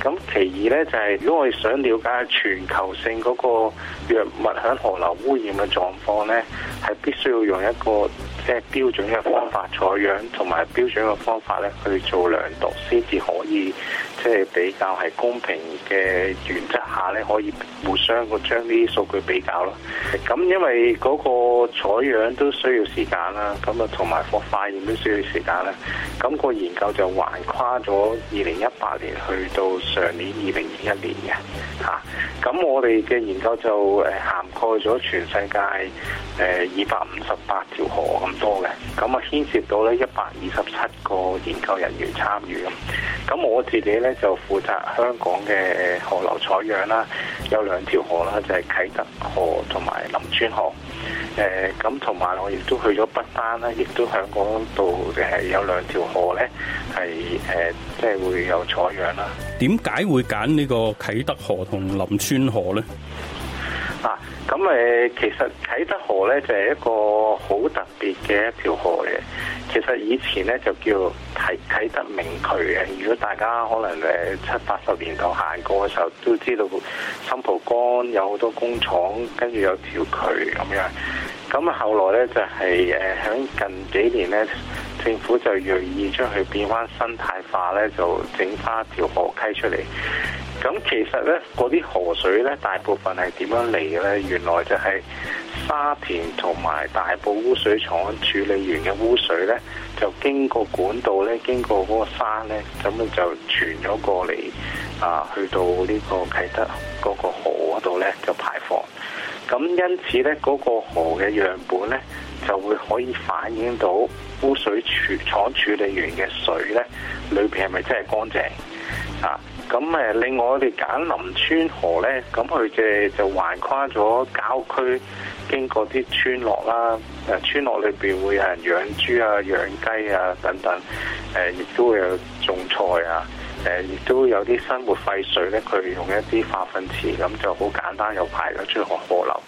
S7: 咁其二咧就係、是、如果我哋想了解全球性嗰個藥物喺河流污染嘅狀況咧，係必須要用一個即係標準嘅方法採樣，同埋標準嘅方法咧去做量度，先至可以。即係比較係公平嘅原則下咧，可以互相個將啲數據比較咯。咁因為嗰個採樣都需要時間啦，咁啊同埋化驗都需要時間啦。咁個研究就橫跨咗二零一八年去到上年二零二一年嘅嚇。咁我哋嘅研究就誒涵蓋咗全世界，誒，二百五十八條河咁多嘅，咁啊牽涉到咧一百二十七個研究人員參與咁，咁我自己咧就負責香港嘅河流採樣啦，有兩條河啦，就係、是、啟德河同埋林村河，誒、呃、咁同埋我亦都去咗北山啦，亦都喺嗰度誒有兩條河咧係誒、即、呃、係、就是、會有採樣啦。
S1: 點解會揀呢個啟德河同林村河咧？
S7: 啊！咁誒，其實啟德河咧就係、是、一個好特別嘅一條河嚟嘅。其實以前咧就叫啟啟德明渠嘅。如果大家可能誒七八十年代行過嘅時候，都知道新蒲崗有好多工廠，跟住有條渠咁樣。咁啊，後來咧就係誒響近幾年咧，政府就銳意將佢變翻生態化咧，就整翻一條河溪出嚟。咁其實咧，嗰啲河水咧，大部分係點樣嚟嘅咧？原來就係沙田同埋大埔污水廠處理完嘅污水咧，就經過管道咧，經過嗰個山咧，咁樣就傳咗過嚟啊，去到呢、這個啟德嗰個河嗰度咧，就排放。咁因此咧，嗰、嗰個河嘅樣本咧，就會可以反映到污水廠處，處理完嘅水咧，裏邊係咪真係乾淨啊？咁誒，另外我哋揀林村河咧，咁佢嘅就橫跨咗郊區，經過啲村落啦。誒，村落裏邊會有人養豬啊、養雞啊等等，誒，亦都會有種菜啊。誒，亦都有啲生活廢水咧，佢用一啲化糞池，咁就好簡單又排咗出去河河流。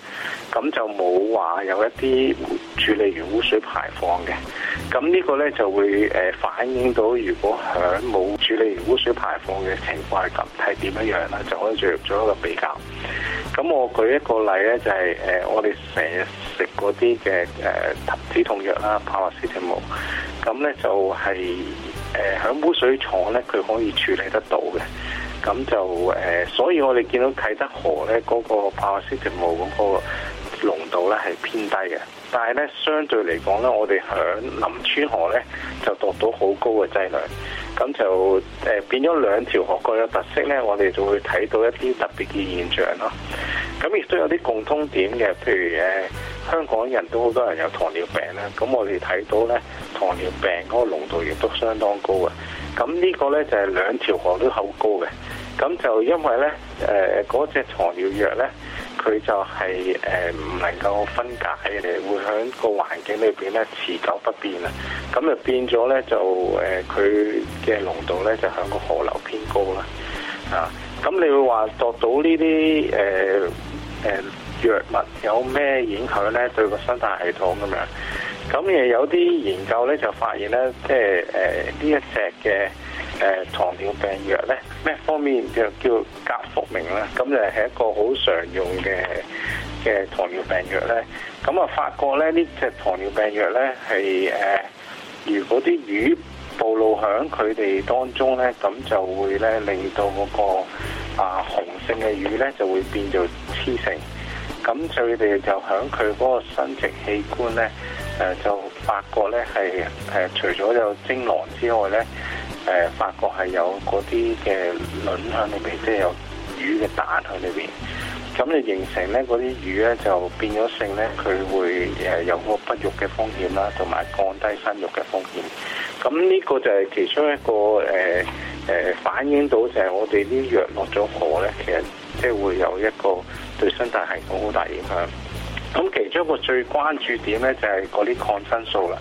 S7: 咁就冇話有，有一啲處理完污水排放嘅。咁呢個咧就會誒反映到，如果響冇處理完污水排放嘅情況係咁，係點樣樣咧？就可以進入咗一個比較。咁我舉一個例咧，就係、是、誒，我哋成日食嗰啲嘅誒止痛藥啦，帕羅斯汀冇。咁咧就係、是。誒響、呃、污水廠咧，佢可以處理得到嘅，咁就誒、呃，所以我哋見到啟德河咧嗰、那個化學性物咁、那個濃度咧係偏低嘅。但係咧，相對嚟講咧，我哋響林村河咧就讀到好高嘅劑量，咁就誒、呃、變咗兩條河各有特色咧，我哋就會睇到一啲特別嘅現象咯。咁亦都有啲共通點嘅，譬如誒、呃、香港人都好多人有糖尿病咧，咁我哋睇到咧糖尿病嗰個濃度亦都相當高嘅。咁呢個咧就係兩條河都好高嘅。咁就因為咧誒嗰隻糖尿藥咧。佢就係誒唔能夠分解嘅，會喺個環境裏邊咧持久不變啊！咁就變咗咧，就誒佢嘅濃度咧就喺個河流偏高啦啊！咁你會話作到呢啲誒誒藥物有咩影響咧？對個生態系統咁樣？咁亦有啲研究咧就發現咧，即係誒呢一隻嘅。誒糖、呃、尿病藥咧咩方面就叫甲福明啦，咁就係一個好常用嘅嘅糖尿病藥咧。咁、呃、啊，發覺咧呢隻糖尿病藥咧係誒，如果啲魚暴露響佢哋當中咧，咁就會咧令到嗰、那個啊雄性嘅魚咧就會變做雌性。咁佢哋就響佢嗰個生殖器官咧，誒、呃、就發覺咧係誒除咗有精囊之外咧。誒發覺係有嗰啲嘅卵喺裏邊，即係有魚嘅蛋喺裏邊，咁你形成咧嗰啲魚咧就變咗性咧，佢會誒有個不育嘅風險啦，同埋降低生育嘅風險。咁呢個就係其中一個誒誒、呃呃、反映到就係我哋啲藥落咗河咧，其實即係會有一個對生態系統好大影響。咁其中一個最關注點咧就係嗰啲抗生素啦。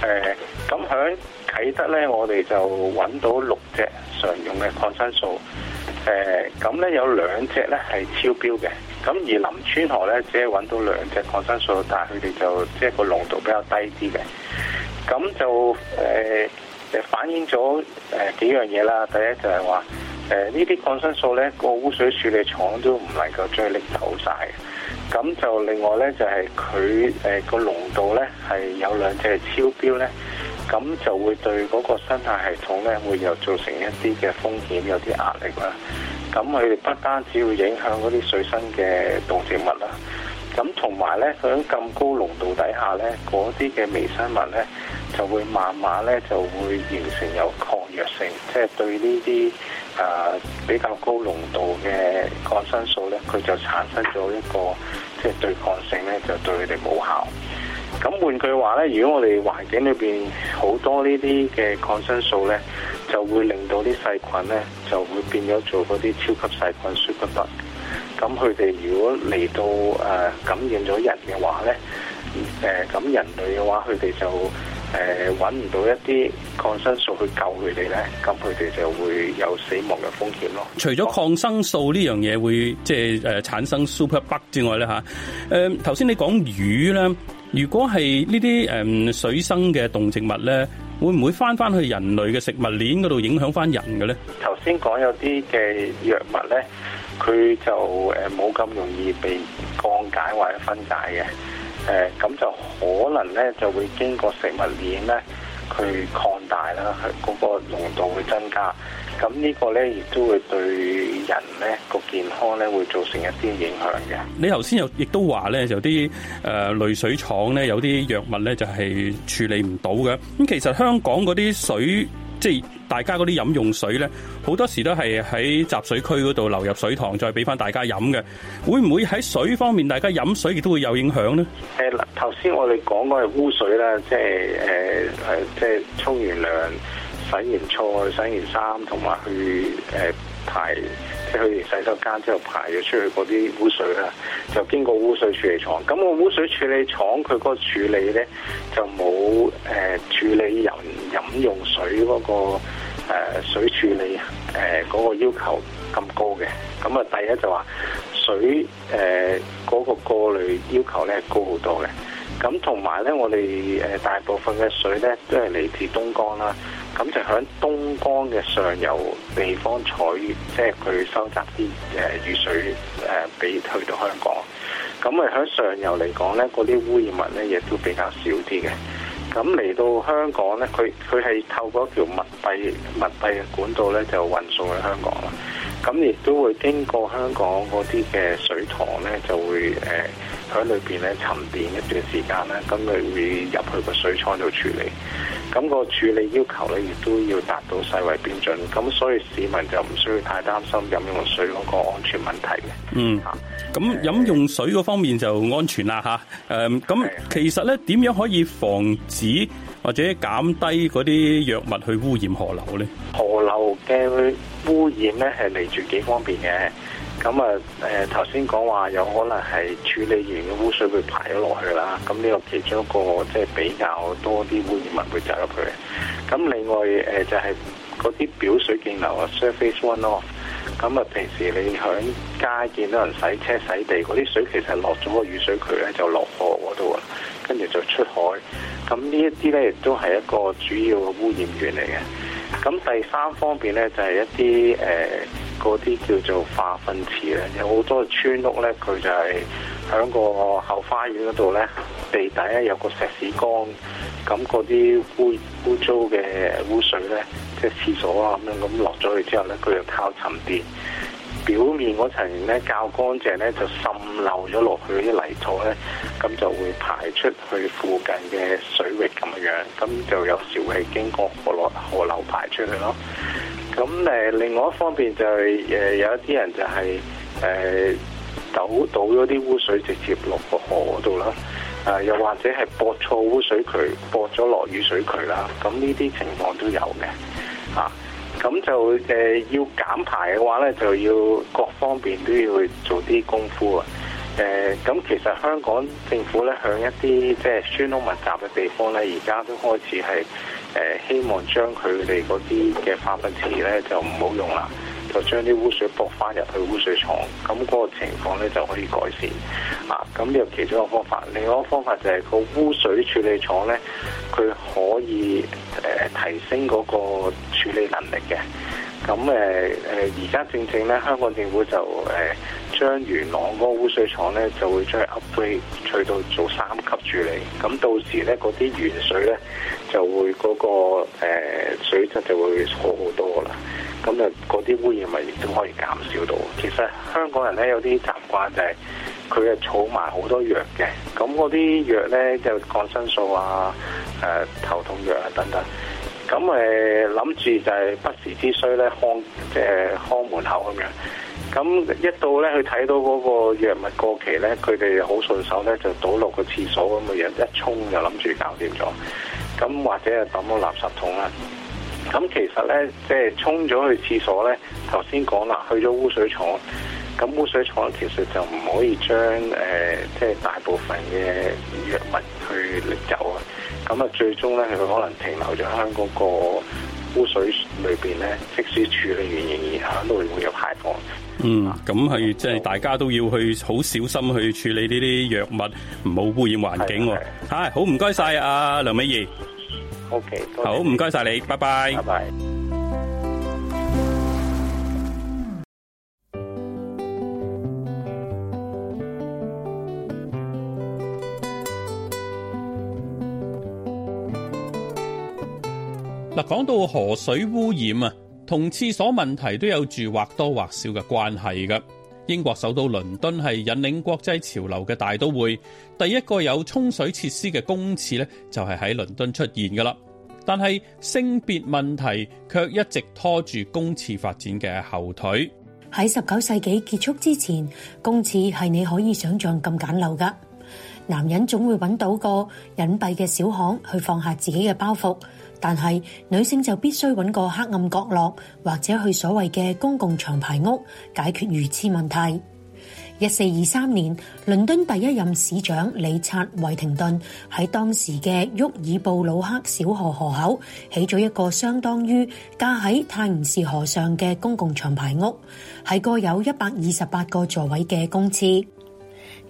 S7: 誒咁喺。睇得咧，我哋就揾到六隻常用嘅抗生素，誒咁咧有兩隻咧係超標嘅，咁而林村河咧只係揾到兩隻抗生素，但係佢哋就即係、就是、個濃度比較低啲嘅，咁就誒誒、呃、反映咗誒、呃、幾樣嘢啦，第一就係話誒呢啲抗生素咧個污水處理廠都唔能夠追拎走晒嘅，咁就另外咧就係佢誒個濃度咧係有兩隻超標咧。咁就會對嗰個生態系統咧，會又造成一啲嘅風險，有啲壓力啦。咁佢哋不單止會影響嗰啲水生嘅動植物啦，咁同埋咧喺咁高濃度底下咧，嗰啲嘅微生物咧就會慢慢咧就會形成有抗藥性，即係對呢啲啊比較高濃度嘅抗生素咧，佢就產生咗一個即係對抗性咧，就對佢哋冇效。咁換句話咧，如果我哋環境裏邊好多呢啲嘅抗生素咧，就會令到啲細菌咧就會變咗做嗰啲超級細菌 super bug。咁佢哋如果嚟到誒感染咗人嘅話咧，誒咁人類嘅話佢哋就誒揾唔到一啲抗生素去救佢哋咧，咁佢哋就會有死亡嘅風險咯。除咗
S1: 抗生素呢樣嘢會即係誒產生 super bug 之外咧嚇，誒頭先你講魚咧，如果係呢啲誒水生嘅動植物咧，會唔會翻翻去人類嘅食物鏈嗰度影響翻人嘅咧？
S7: 頭先講有啲嘅藥物咧，佢就誒冇咁容易被降解或者分解嘅，誒、呃、咁就可能咧就會經過食物鏈咧，佢擴大啦，嗰、嗰個濃度會增加。咁呢個咧，亦都會對
S1: 人咧個健康咧，會造成一啲影響嘅。你頭先又亦都話咧，有啲誒，濾水廠咧有啲藥物咧，就係處理唔到嘅。咁其實香港嗰啲水，即係大家嗰啲飲用水咧，好多時都係喺集水區嗰度流入水塘，再俾翻大家飲嘅。會唔會喺水方面，大家飲水亦都會有影響咧？誒，嗱，
S7: 頭先我哋講嘅係污水啦，即係誒誒，即係沖完涼。洗完菜、洗完衫，同埋去誒排，即係去完洗手間之後排咗出去嗰啲污水啦，就經過污水處理廠。咁個污水處理廠佢嗰個處理咧，就冇誒、呃、處理人飲用水嗰、嗰個、呃、水處理誒嗰、呃嗰個要求咁高嘅。咁啊，第一就話、是、水誒嗰、呃嗰個過濾要求咧高好多嘅。咁同埋咧，我哋誒大部分嘅水咧都係嚟自東江啦。咁就喺東江嘅上游地方採，即係佢收集啲誒雨水誒，俾、呃、去到香港。咁咪喺上游嚟講咧，嗰啲污染物咧亦都比較少啲嘅。咁嚟到香港咧，佢佢係透過一條密閉密閉嘅管道咧，就運送去香港啦。咁亦都會經過香港嗰啲嘅水塘咧，就會誒喺裏邊咧沉澱一段時間咧，咁咪會入去個水廠度處理。咁個處理要求咧，亦都要達到世衞標準。咁所以市民就唔需要太擔心飲用水嗰個安全問題嘅。嗯，
S1: 咁飲用水嗰方面就安全啦嚇。誒、啊，咁其實咧點樣可以防止或者減低嗰啲藥物去污染河流咧？
S7: 河流嘅。污染咧係嚟住幾方便嘅，咁啊誒頭先講話有可能係處理完嘅污水會排咗落去啦，咁呢個其中一個即係比較多啲污染物會走入去嘅。咁另外誒、呃、就係嗰啲表水徑流啊，surface runoff 咁啊平時你響街見到人洗車洗地，嗰啲水其實落咗個雨水渠咧就落河嗰度啦，跟住就出海。咁呢一啲咧亦都係一個主要嘅污染源嚟嘅。咁第三方面咧就係、是、一啲誒嗰啲叫做化糞池咧，有好多村屋咧佢就係響個後花園嗰度咧，地底咧有個石屎缸，咁嗰啲污污糟嘅污水咧，即係廁所啊咁樣，咁落咗去之後咧，佢就靠沉澱。表面嗰層咧較乾淨咧，就滲漏咗落去啲泥土咧，咁就會排出去附近嘅水域咁樣，咁就有時會經過河落河流排出去咯。咁誒、呃，另外一方面就係誒有一啲人就係誒倒倒咗啲污水直接落個河度啦，啊、呃、又或者係駁錯污水渠，駁咗落雨水渠啦，咁呢啲情況都有嘅，啊。咁就誒要減排嘅話咧，就要各方面都要做啲功夫啊！誒、呃，咁其實香港政府咧，向一啲即係村屋密集嘅地方咧，而家都開始係誒、呃、希望將佢哋嗰啲嘅化糞池咧，就唔好用啦。就將啲污水駁返入去污水廠，咁嗰個情況咧就可以改善。啊，咁又其中一個方法，另外一個方法就係個污水處理廠咧，佢可以誒、呃、提升嗰個處理能力嘅。咁誒誒，而家、呃呃、正正咧，香港政府就誒、呃、將元朗嗰污水廠咧，就會將 upgrade 去到做三級處理。咁到時咧，嗰啲原水咧就會嗰、嗰個、呃、水質就會好好多啦。咁啊，嗰啲污染物亦都可以減少到。其實香港人咧有啲習慣就係佢係儲埋好多藥嘅。咁嗰啲藥咧就抗、係、生素啊、誒、呃、頭痛藥啊等等。咁誒諗住就係不時之需咧，看誒看門口咁樣。咁一到咧，佢睇到嗰個藥物過期咧，佢哋好順手咧就倒落個廁所咁嘅樣，一沖就諗住搞掂咗。咁或者係抌落垃圾桶啦。咁其實咧，即係沖咗去廁所咧，頭先講啦，去咗污水廠。咁污水廠其實就唔可以將誒即係大部分嘅藥物去拎走啊。咁啊，最終咧，佢可能停留咗喺香港個污水裏邊咧，即使處理完，仍然嚇
S1: 都會有排放。嗯，咁係、嗯、即係大家都要去好小心去處理呢啲藥物，唔好污染環境喎。係，好唔該晒啊，梁美儀。Okay，好，唔該晒你，拜拜。講到河水污染啊，同廁所問題都有住或多或少嘅關係噶。英國首都倫敦係引領國際潮流嘅大都會，第一個有沖水設施嘅公廁咧，就係喺倫敦出現噶啦。但係性別問題卻一直拖住公廁發展嘅後腿。
S4: 喺十九世紀結束之前，公廁係你可以想象咁簡陋噶。男人總會搵到個隱蔽嘅小巷去放下自己嘅包袱。但係女性就必須揾個黑暗角落，或者去所謂嘅公共長排屋解決如廁問題。一四二三年，倫敦第一任市長理察維廷頓喺當時嘅沃爾布魯克小河河口起咗一個相當於架喺泰晤士河上嘅公共長排屋，係個有一百二十八個座位嘅公廁。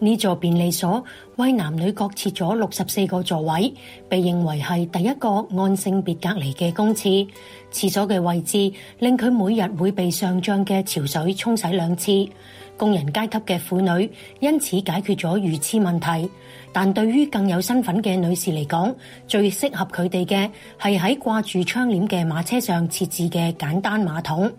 S4: 呢座便利所為男女各設咗六十四個座位，被認為係第一個按性別隔離嘅公廁。廁所嘅位置令佢每日會被上漲嘅潮水沖洗兩次，工人階級嘅婦女因此解決咗如廁問題。但對於更有身份嘅女士嚟講，最適合佢哋嘅係喺掛住窗簾嘅馬車上設置嘅簡單馬桶。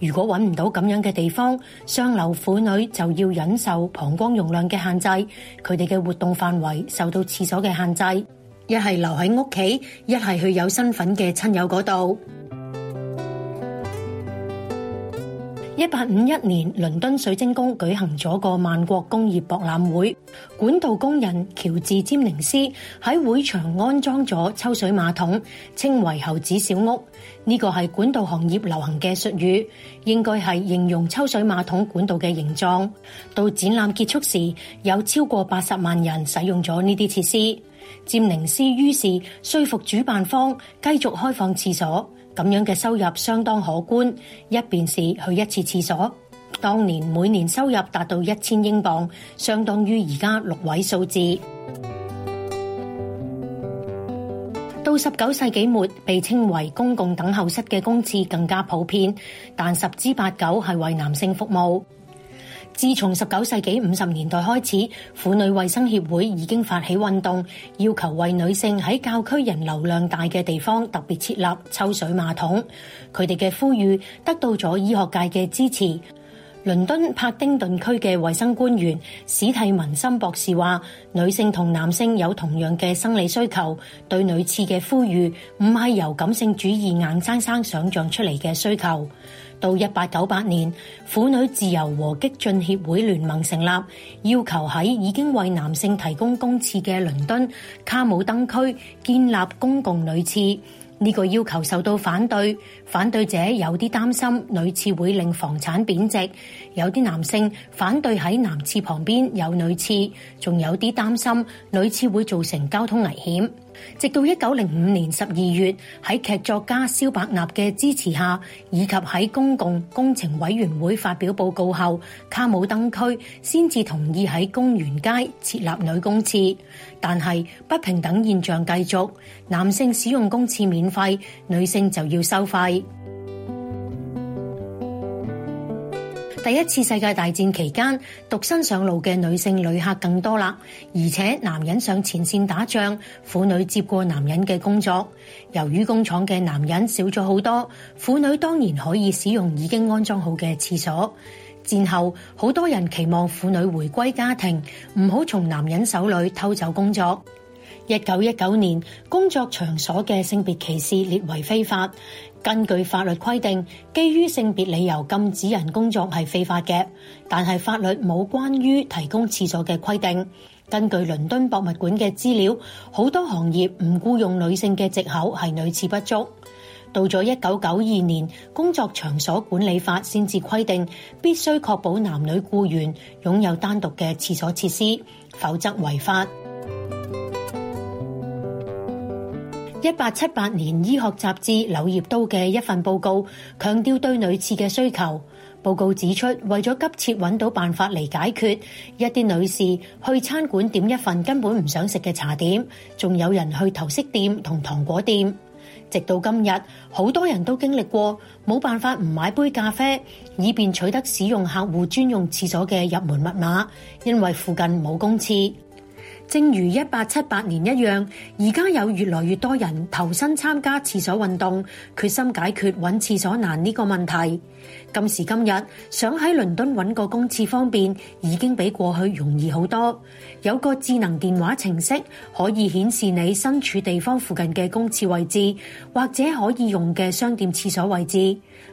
S4: 如果揾唔到咁樣嘅地方，雙流婦女就要忍受膀胱容量嘅限制，佢哋嘅活動範圍受到廁所嘅限制，一係 留喺屋企，一係去有身份嘅親友嗰度。一八五一年，倫敦水晶宮舉行咗個萬國工業博覽會，管道工人喬治詹寧斯喺會場安裝咗抽水馬桶，稱為猴子小屋。呢個係管道行業流行嘅術語，應該係形容抽水馬桶管道嘅形狀。到展覽結束時，有超過八十萬人使用咗呢啲設施。詹寧斯於是說服主辦方繼續開放廁所。咁樣嘅收入相當可觀，一邊是去一次廁所。當年每年收入達到一千英鎊，相當於而家六位數字。到十九世紀末，被稱為公共等候室嘅公廁更加普遍，但十之八九係為男性服務。自從十九世紀五十年代開始，婦女衛生協會已經發起運動，要求為女性喺教區人流量大嘅地方特別設立抽水馬桶。佢哋嘅呼籲得到咗醫學界嘅支持。倫敦帕丁頓區嘅衛生官員史蒂文森博士話：女性同男性有同樣嘅生理需求，對女廁嘅呼籲唔係由感性主義硬生生想像出嚟嘅需求。到一八九八年，婦女自由和激進協會聯盟成立，要求喺已經為男性提供公廁嘅倫敦卡姆登區建立公共女廁。呢個要求受到反對，反對者有啲擔心女廁會令房產貶值，有啲男性反對喺男廁旁邊有女廁，仲有啲擔心女廁會造成交通危險。直到一九零五年十二月，喺劇作家蕭伯納嘅支持下，以及喺公共工程委員會發表報告後，卡姆登區先至同意喺公園街設立女公廁，但係不平等現象繼續，男性使用公廁免費，女性就要收費。第一次世界大戰期間，獨身上路嘅女性旅客更多啦，而且男人上前線打仗，婦女接過男人嘅工作。由於工廠嘅男人少咗好多，婦女當然可以使用已經安裝好嘅廁所。戰後，好多人期望婦女回歸家庭，唔好從男人手裏偷走工作。一九一九年，工作場所嘅性別歧視列為非法。根據法律規定，基於性別理由禁止人工作係非法嘅，但係法律冇關於提供廁所嘅規定。根據倫敦博物館嘅資料，好多行業唔僱用女性嘅藉口係女廁不足。到咗一九九二年，工作場所管理法先至規定必須確保男女僱員擁有單獨嘅廁所設施，否則違法。一八七八年醫學雜誌《柳葉刀》嘅一份報告強調對女廁嘅需求。報告指出，為咗急切揾到辦法嚟解決，一啲女士去餐館點一份根本唔想食嘅茶點，仲有人去頭飾店同糖果店。直到今日，好多人都經歷過冇辦法唔買杯咖啡，以便取得使用客戶專用廁所嘅入門密碼，因為附近冇公廁。正如一八七八年一樣，而家有越來越多人投身參加廁所運動，決心解決揾廁所難呢個問題。今時今日，想喺倫敦揾個公廁方便，已經比過去容易好多。有個智能電話程式可以顯示你身處地方附近嘅公廁位置，或者可以用嘅商店廁所位置，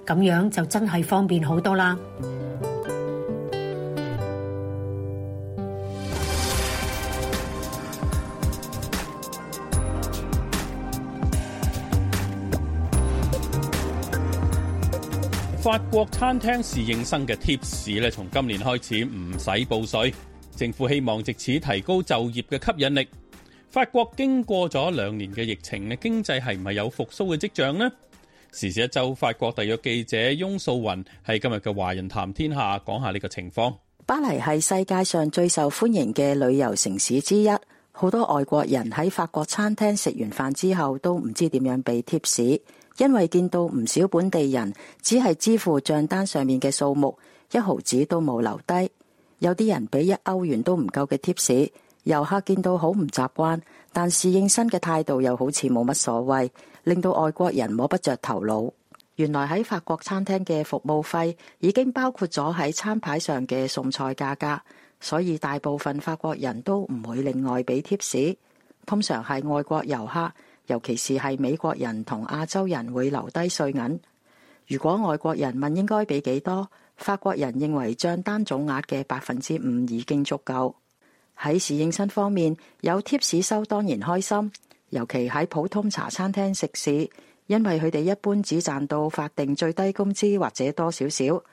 S4: 咁樣就真係方便好多啦。
S1: 法國餐廳侍應生嘅貼士咧，從今年開始唔使報稅，政府希望借此提高就業嘅吸引力。法國經過咗兩年嘅疫情咧，經濟係唔係有復甦嘅跡象呢？時事一周，法國特約記者翁素云喺今日嘅華人談天下，講下呢個情況。
S8: 巴黎係世界上最受歡迎嘅旅遊城市之一，好多外國人喺法國餐廳食完飯之後都唔知點樣俾貼士。因為見到唔少本地人只係支付帳單上面嘅數目，一毫子都冇留低。有啲人俾一歐元都唔夠嘅 tips，遊客見到好唔習慣，但侍應生嘅態度又好似冇乜所謂，令到外國人摸不着頭腦。原來喺法國餐廳嘅服務費已經包括咗喺餐牌上嘅餸菜價格，所以大部分法國人都唔會另外俾 tips。通常係外國遊客。尤其是係美國人同亞洲人會留低碎銀。如果外國人問應該俾幾多，法國人認為將單總額嘅百分之五已經足夠。喺侍應薪方面，有 t 士收當然開心。尤其喺普通茶餐廳食肆，因為佢哋一般只賺到法定最低工資或者多少少。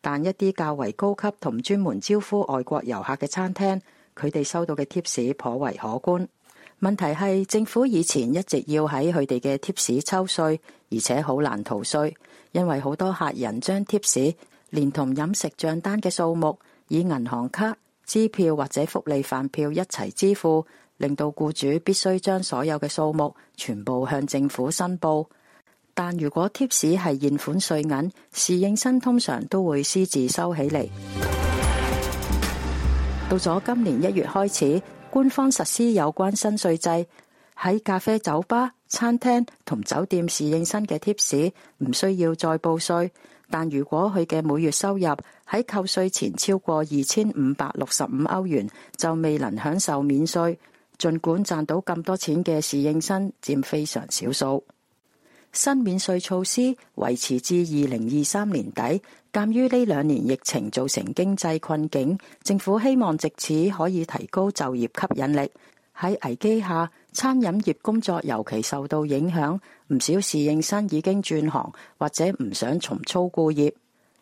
S8: 但一啲較為高級同專門招呼外國遊客嘅餐廳，佢哋收到嘅 t 士 p s 頗為可觀。問題係政府以前一直要喺佢哋嘅貼士抽稅，而且好難逃稅，因為好多客人將貼士連同飲食賬單嘅數目以銀行卡、支票或者福利飯票一齊支付，令到僱主必須將所有嘅數目全部向政府申報。但如果貼士係現款稅銀，侍應生通常都會私自收起嚟。到咗今年一月開始，官方實施有關新稅制，喺咖啡酒吧、餐廳同酒店侍應生嘅貼士唔需要再報稅，但如果佢嘅每月收入喺扣稅前超過二千五百六十五歐元，就未能享受免稅。儘管賺到咁多錢嘅侍應生佔非常少數。新免稅措施維持至二零二三年底，鑑於呢兩年疫情造成經濟困境，政府希望藉此可以提高就業吸引力。喺危機下，餐飲業工作尤其受到影響，唔少侍應生已經轉行或者唔想重操故業。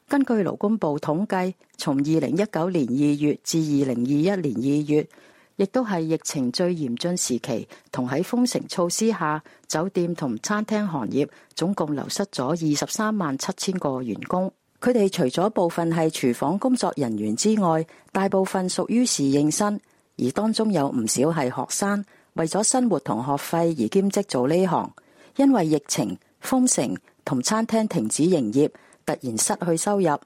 S8: 根據勞工部統計，從二零一九年二月至二零二一年二月，亦都係疫情最嚴峻時期，同喺封城措施下，酒店同餐廳行業總共流失咗二十三萬七千個員工。佢哋 除咗部分係廚房工作人員之外，大部分屬於侍應生，而當中有唔少係學生，為咗生活同學費而兼職做呢行。因為疫情封城同餐廳停止營業，突然失去收入。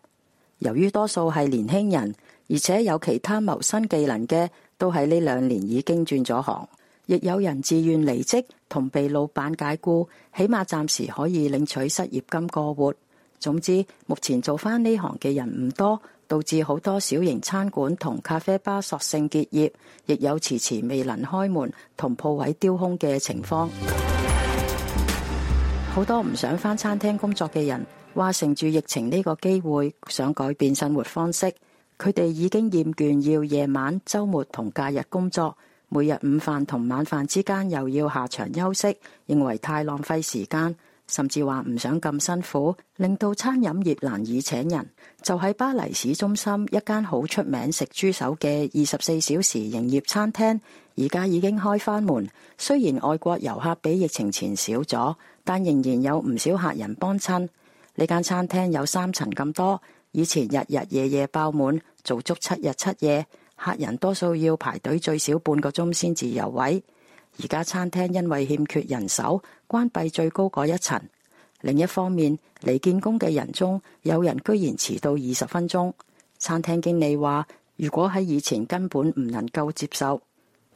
S8: 由於多數係年輕人，而且有其他謀生技能嘅。都喺呢兩年已經轉咗行，亦有人自願離職同被老闆解雇，起碼暫時可以領取失業金過活。總之，目前做返呢行嘅人唔多，導致好多小型餐館同咖啡吧索性結業，亦有遲遲未能開門同鋪位丟空嘅情況。好多唔想返餐廳工作嘅人，話乘住疫情呢個機會，想改變生活方式。佢哋已經厭倦要夜晚、週末同假日工作，每日午飯同晚飯之間又要下場休息，認為太浪費時間，甚至話唔想咁辛苦，令到餐飲業難以請人。就喺巴黎市中心一間好出名食豬手嘅二十四小時營業餐廳，而家已經開返門。雖然外國遊客比疫情前少咗，但仍然有唔少客人幫襯。呢間餐廳有三層咁多。以前日日夜夜爆滿，做足七日七夜，客人多數要排隊，最少半個鐘先至有位。而家餐廳因為欠缺人手，關閉最高嗰一層。另一方面，嚟見工嘅人中，有人居然遲到二十分鐘。餐廳經理話，如果喺以前根本唔能夠接受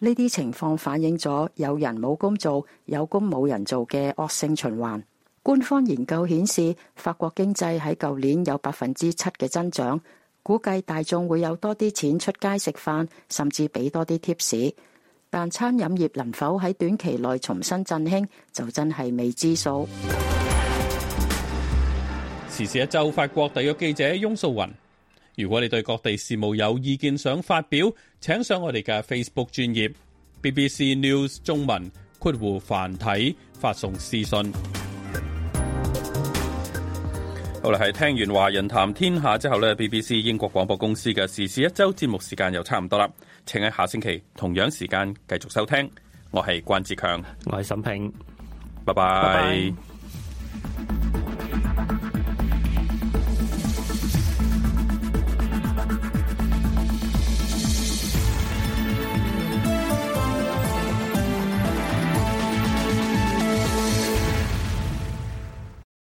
S8: 呢啲情況，反映咗有人冇工做，有工冇人做嘅惡性循環。官方研究顯示，法國經濟喺舊年有百分之七嘅增長，估計大眾會有多啲錢出街食飯，甚至俾多啲 tips。但餐飲業能否喺短期內重新振興，就真係未知數。
S1: 時事一週，法國特約記者翁素云。如果你對各地事務有意見想發表，請上我哋嘅 Facebook 專頁 BBC News 中文括弧繁體，發送私信。好啦，係聽完《華人談天下》之後呢 b b c 英國廣播公司嘅時事一周節目時間又差唔多啦，請喺下星期同樣時間繼續收聽，我係關志強，我係沈平，拜拜。